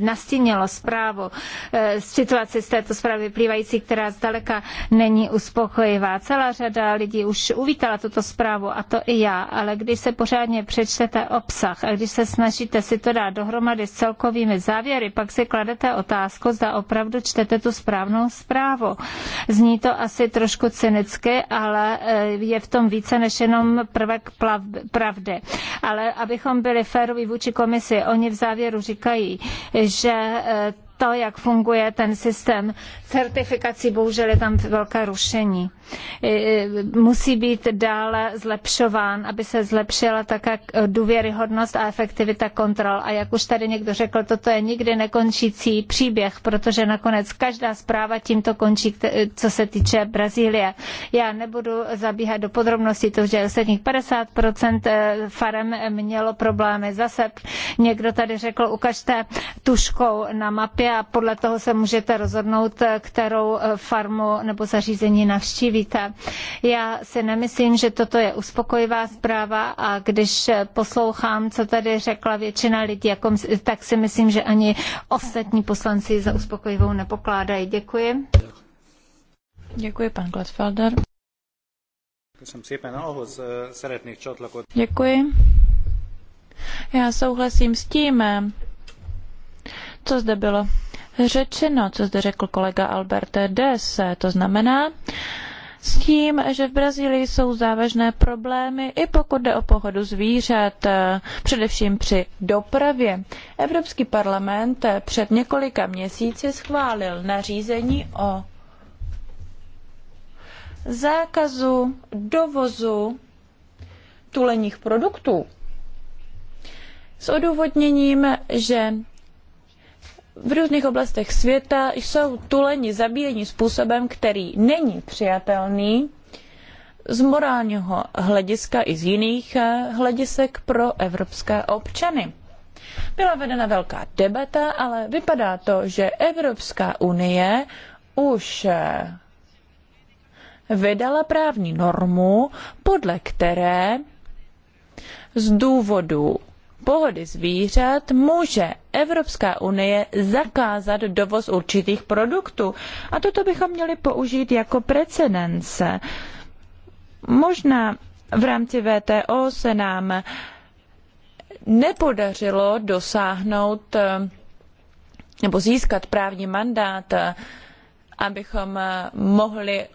nastínilo zprávu, eh, situaci z této zprávy vyplývající, která zdaleka není uspokojivá. Celá řada lidí už už uvítala tuto zprávu a to i já, ale když se pořádně přečtete obsah a když se snažíte si to dát dohromady s celkovými závěry, pak si kladete otázku, zda opravdu čtete tu správnou zprávu. Zní to asi trošku cynicky, ale eh, je v tom více než jenom prvek pravdy. Ale abychom byli féroví vůči komisi, oni v závěru říkají, že eh, to, jak funguje ten systém certifikací, bohužel je tam velké rušení. Musí být dále zlepšován, aby se zlepšila také důvěryhodnost a efektivita kontrol. A jak už tady někdo řekl, toto je nikdy nekončící příběh, protože nakonec každá zpráva tímto končí, co se týče Brazílie. Já nebudu zabíhat do podrobností, to, že ostatních 50% eh, farem mělo problémy. Zase někdo tady řekl, ukažte tuškou na mapě, a podle toho se můžete rozhodnout, eh, kterou eh, farmu nebo zařízení navštívíte. Já si nemyslím, že toto je uspokojivá zpráva a když eh, poslouchám, co tady řekla většina lidí, jako tak si myslím, že ani ostatní poslanci za uspokojivou nepokládají. Děkuji. Děkuji, pan Gladfelder. Děkuji. Já souhlasím s tím, co zde bylo řečeno, co zde řekl kolega Albert Des. To znamená, s tím, že v Brazílii jsou závažné problémy, i pokud jde o pohodu zvířat, především při dopravě. Evropský parlament před několika měsíci schválil nařízení o zákazu dovozu tuleních produktů s odůvodněním, že v různých oblastech světa jsou tuleni zabíjeni způsobem, který není přijatelný z morálního hlediska i z jiných eh, hledisek pro evropské občany. Byla vedena velká debata, ale vypadá to, že Evropská unie už eh, vydala právní normu, podle které z důvodu pohody zvířat může Evropská unie zakázat dovoz určitých produktů. A toto bychom měli použít jako precedence. Možná v rámci VTO se nám nepodařilo dosáhnout nebo získat právní mandát, abychom mohli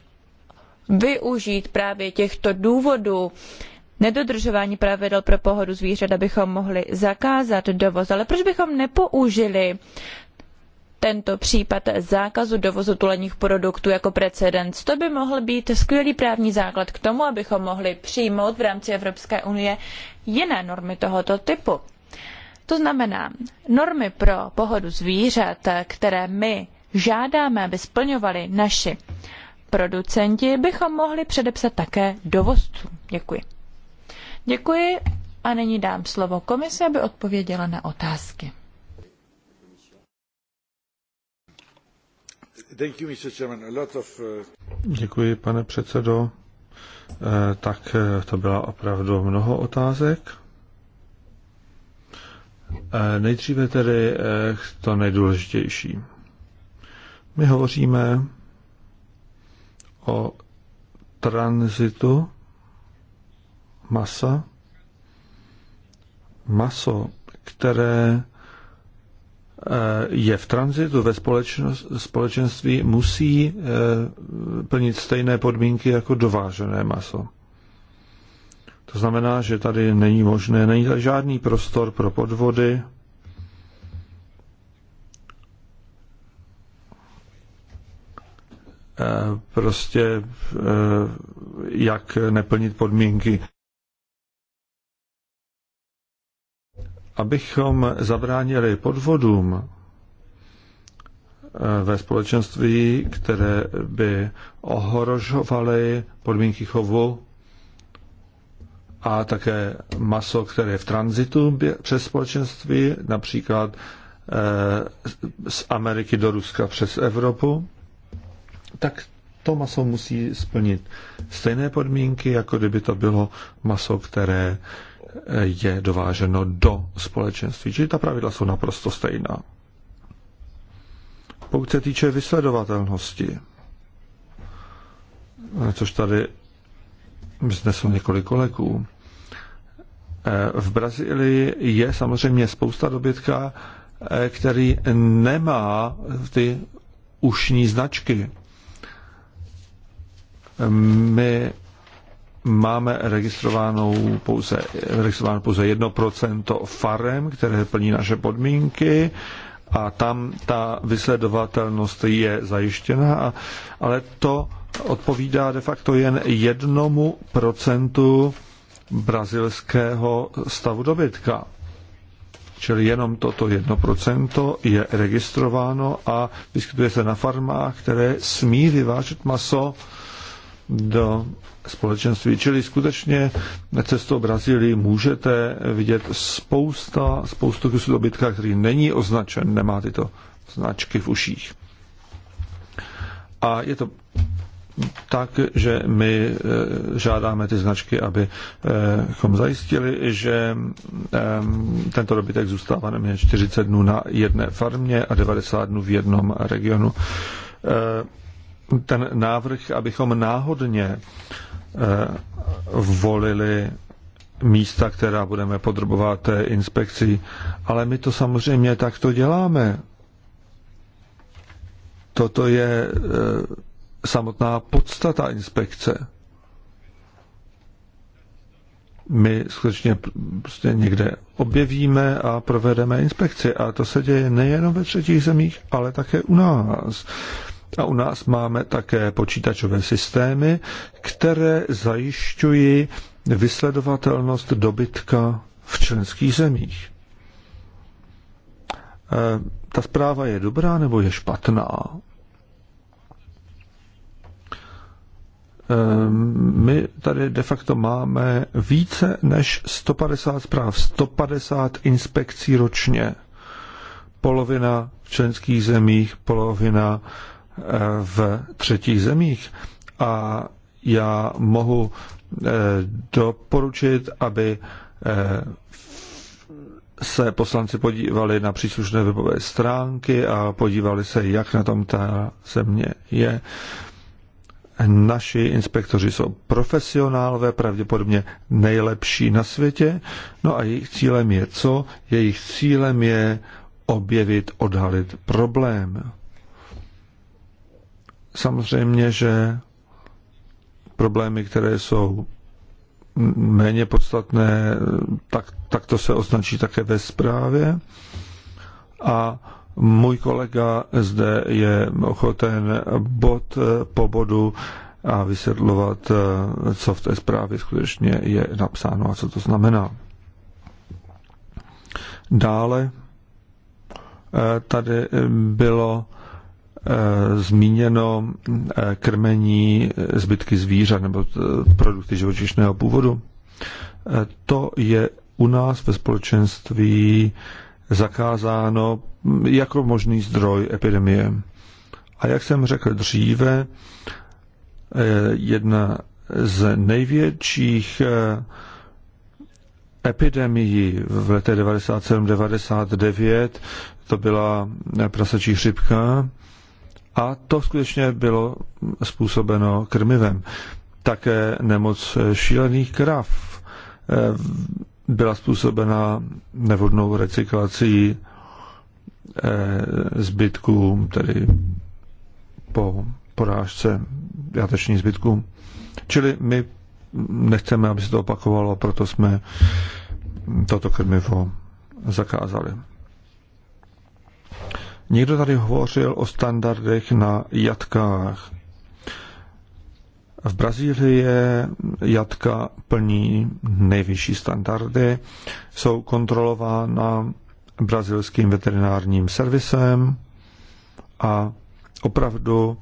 využít právě těchto důvodů nedodržování pravidel pro pohodu zvířat, abychom mohli zakázat dovoz. Ale proč bychom nepoužili tento případ zákazu dovozu tuleních produktů jako precedens. To by mohl být skvělý právní základ k tomu, abychom mohli přijmout v rámci Evropské unie jiné normy tohoto typu. To znamená, normy pro pohodu zvířat, které my žádáme, aby splňovali naši producenti, bychom mohli předepsat také dovozcům. Děkuji. Děkuji a nyní dám slovo komisi, aby odpověděla na otázky. Uh, Děkuji, pane předsedo. Eh, tak eh, to byla opravdu mnoho otázek. Eh, nejdříve tedy to nejdůležitější. My hovoříme o tranzitu masa, maso, které eh, je v tranzitu ve společenství, musí eh, plnit stejné podmínky jako dovážené maso. To znamená, že tady není možné, není tady žádný prostor pro podvody. Eh, prostě jak neplnit podmínky. abychom zabránili podvodům eh, ve společenství, které by ohrožovaly podmínky chovu a také maso, které je v tranzitu přes společenství, například eh, z Ameriky do Ruska přes Evropu, tak to maso musí splnit stejné podmínky, jako kdyby to bylo maso, které je dováženo do společenství. Čili ta pravidla jsou naprosto stejná. Pokud se týče vysledovatelnosti, což tady vznesl několik kolegů, v Brazílii je samozřejmě spousta dobytka, který nemá ty ušní značky. My máme registrovanou pouze, registrováno pouze 1% farem, které plní naše podmínky a tam ta vysledovatelnost je zajištěna, a, ale to odpovídá de facto jen jednomu procentu brazilského stavu dobytka. Čili jenom toto jedno procento je registrováno a vyskytuje se na farmách, které smí vyvážet maso do společenství. Čili skutečně cestou Brazílii můžete vidět spousta, spoustu kusů dobytka, který není označen, nemá tyto značky v uších. A je to tak, že my eh, žádáme ty značky, abychom eh, zajistili, že eh, tento dobytek zůstává neméně 40 dnů na jedné farmě a 90 dnů v jednom regionu. Ten návrh, abychom náhodně Eh, volili místa, která budeme podrobovat té inspekci, Ale my to samozřejmě takto děláme. Toto je eh, samotná podstata inspekce. My skutečně prostě někde objevíme a provedeme inspekci. A to se děje nejenom ve třetích zemích, ale také u nás. A u nás máme také počítačové systémy, které zajišťují vysledovatelnost dobytka v členských zemích. E, ta zpráva je dobrá nebo je špatná? E, my tady de facto máme více než 150 zpráv, 150 inspekcí ročně. Polovina v členských zemích, polovina v třetích zemích. A já mohu eh, doporučit, aby eh, se poslanci podívali na příslušné webové stránky a podívali se, jak na tom ta země je. Naši inspektoři jsou profesionálové, pravděpodobně nejlepší na světě. No a jejich cílem je co? Jejich cílem je objevit, odhalit problém. Samozřejmě, že problémy, které jsou méně podstatné, tak, tak to se označí také ve zprávě. A můj kolega zde je ochoten bod po bodu a vysvětlovat, co v té zprávě skutečně je napsáno a co to znamená. Dále eh, tady bylo Eh, zmíněno eh, krmení eh, zbytky zvířat nebo produkty živočišného původu. To je u nás ve společenství zakázáno jako možný zdroj epidemie. A jak jsem řekl dříve, jedna z největších epidemií v letech 97-99 to byla prasečí chřipka a to skutečně bylo způsobeno krmivem. Také nemoc šílených krav eh, byla způsobena nevhodnou recyklací eh, zbytků, tedy po porážce jatečních zbytků. Čili my nechceme, aby se to opakovalo, proto jsme toto krmivo zakázali. Někdo tady hovořil o standardech na jatkách. V Brazílii jatka plní nejvyšší standardy, jsou kontrolována brazilským veterinárním servisem a opravdu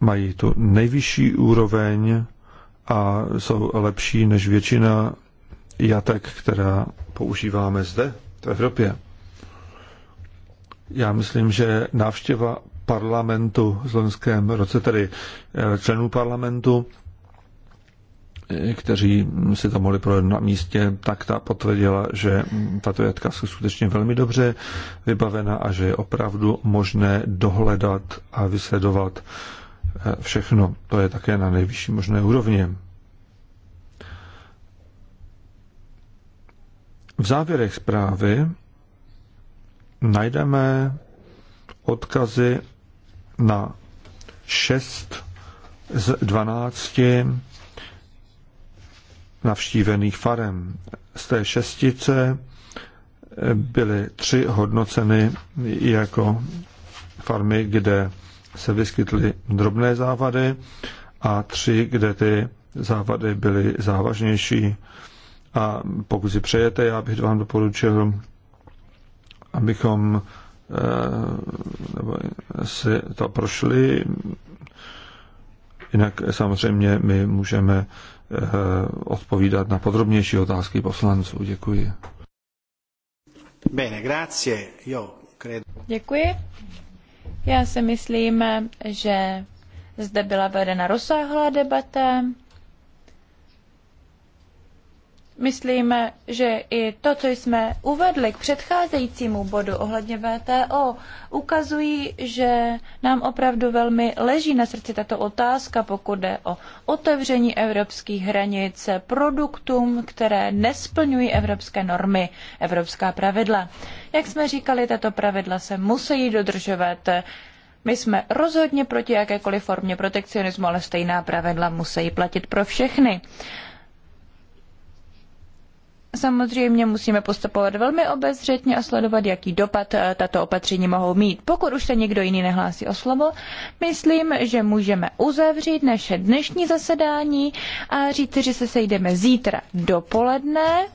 mají tu nejvyšší úroveň a jsou lepší než většina jatek, která používáme zde v Evropě. Já myslím, že návštěva parlamentu v loňském roce, tedy eh, členů parlamentu, eh, kteří si to mohli projet na místě, tak ta potvrdila, že mm, tato jatka jsou skutečně velmi dobře vybavena a že je opravdu možné dohledat a vysledovat eh, všechno. To je také na nejvyšší možné úrovni. V závěrech zprávy najdeme odkazy na šest z 12 navštívených farem. Z té šestice byly tři hodnoceny jako farmy, kde se vyskytly drobné závady a tři, kde ty závady byly závažnější. A pokud si přejete, já bych vám doporučil abychom eh, nebo si to prošli. Jinak samozřejmě my můžeme eh, odpovídat na podrobnější otázky poslanců. Děkuji. Bene, grazie. Jo, credo. Děkuji. Já si myslím, že zde byla vedena rozsáhlá debata. Myslíme, že i to, co jsme uvedli k předcházejícímu bodu ohledně VTO, ukazují, že nám opravdu velmi leží na srdci tato otázka, pokud jde o otevření evropských hranic produktům, které nesplňují evropské normy, evropská pravidla. Jak jsme říkali, tato pravidla se musí dodržovat. My jsme rozhodně proti jakékoliv formě protekcionismu, ale stejná pravidla musí platit pro všechny. Samozřejmě musíme postupovat velmi obezřetně a sledovat, jaký dopad eh, tato opatření mohou mít. Pokud už se někdo jiný nehlásí o slovo, myslím, že můžeme uzavřít naše dnešní zasedání a říct, že se sejdeme zítra dopoledne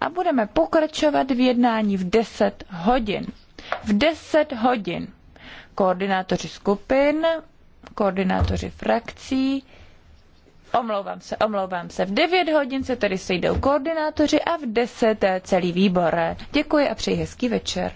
a budeme pokračovat v jednání v 10 hodin. V 10 hodin koordinátoři skupin, koordinátoři frakcí, Omlouvám se, omlouvám se. V 9 hodin se tedy sejdou koordinátoři a v 10 celý výbor. Děkuji a přeji hezký večer.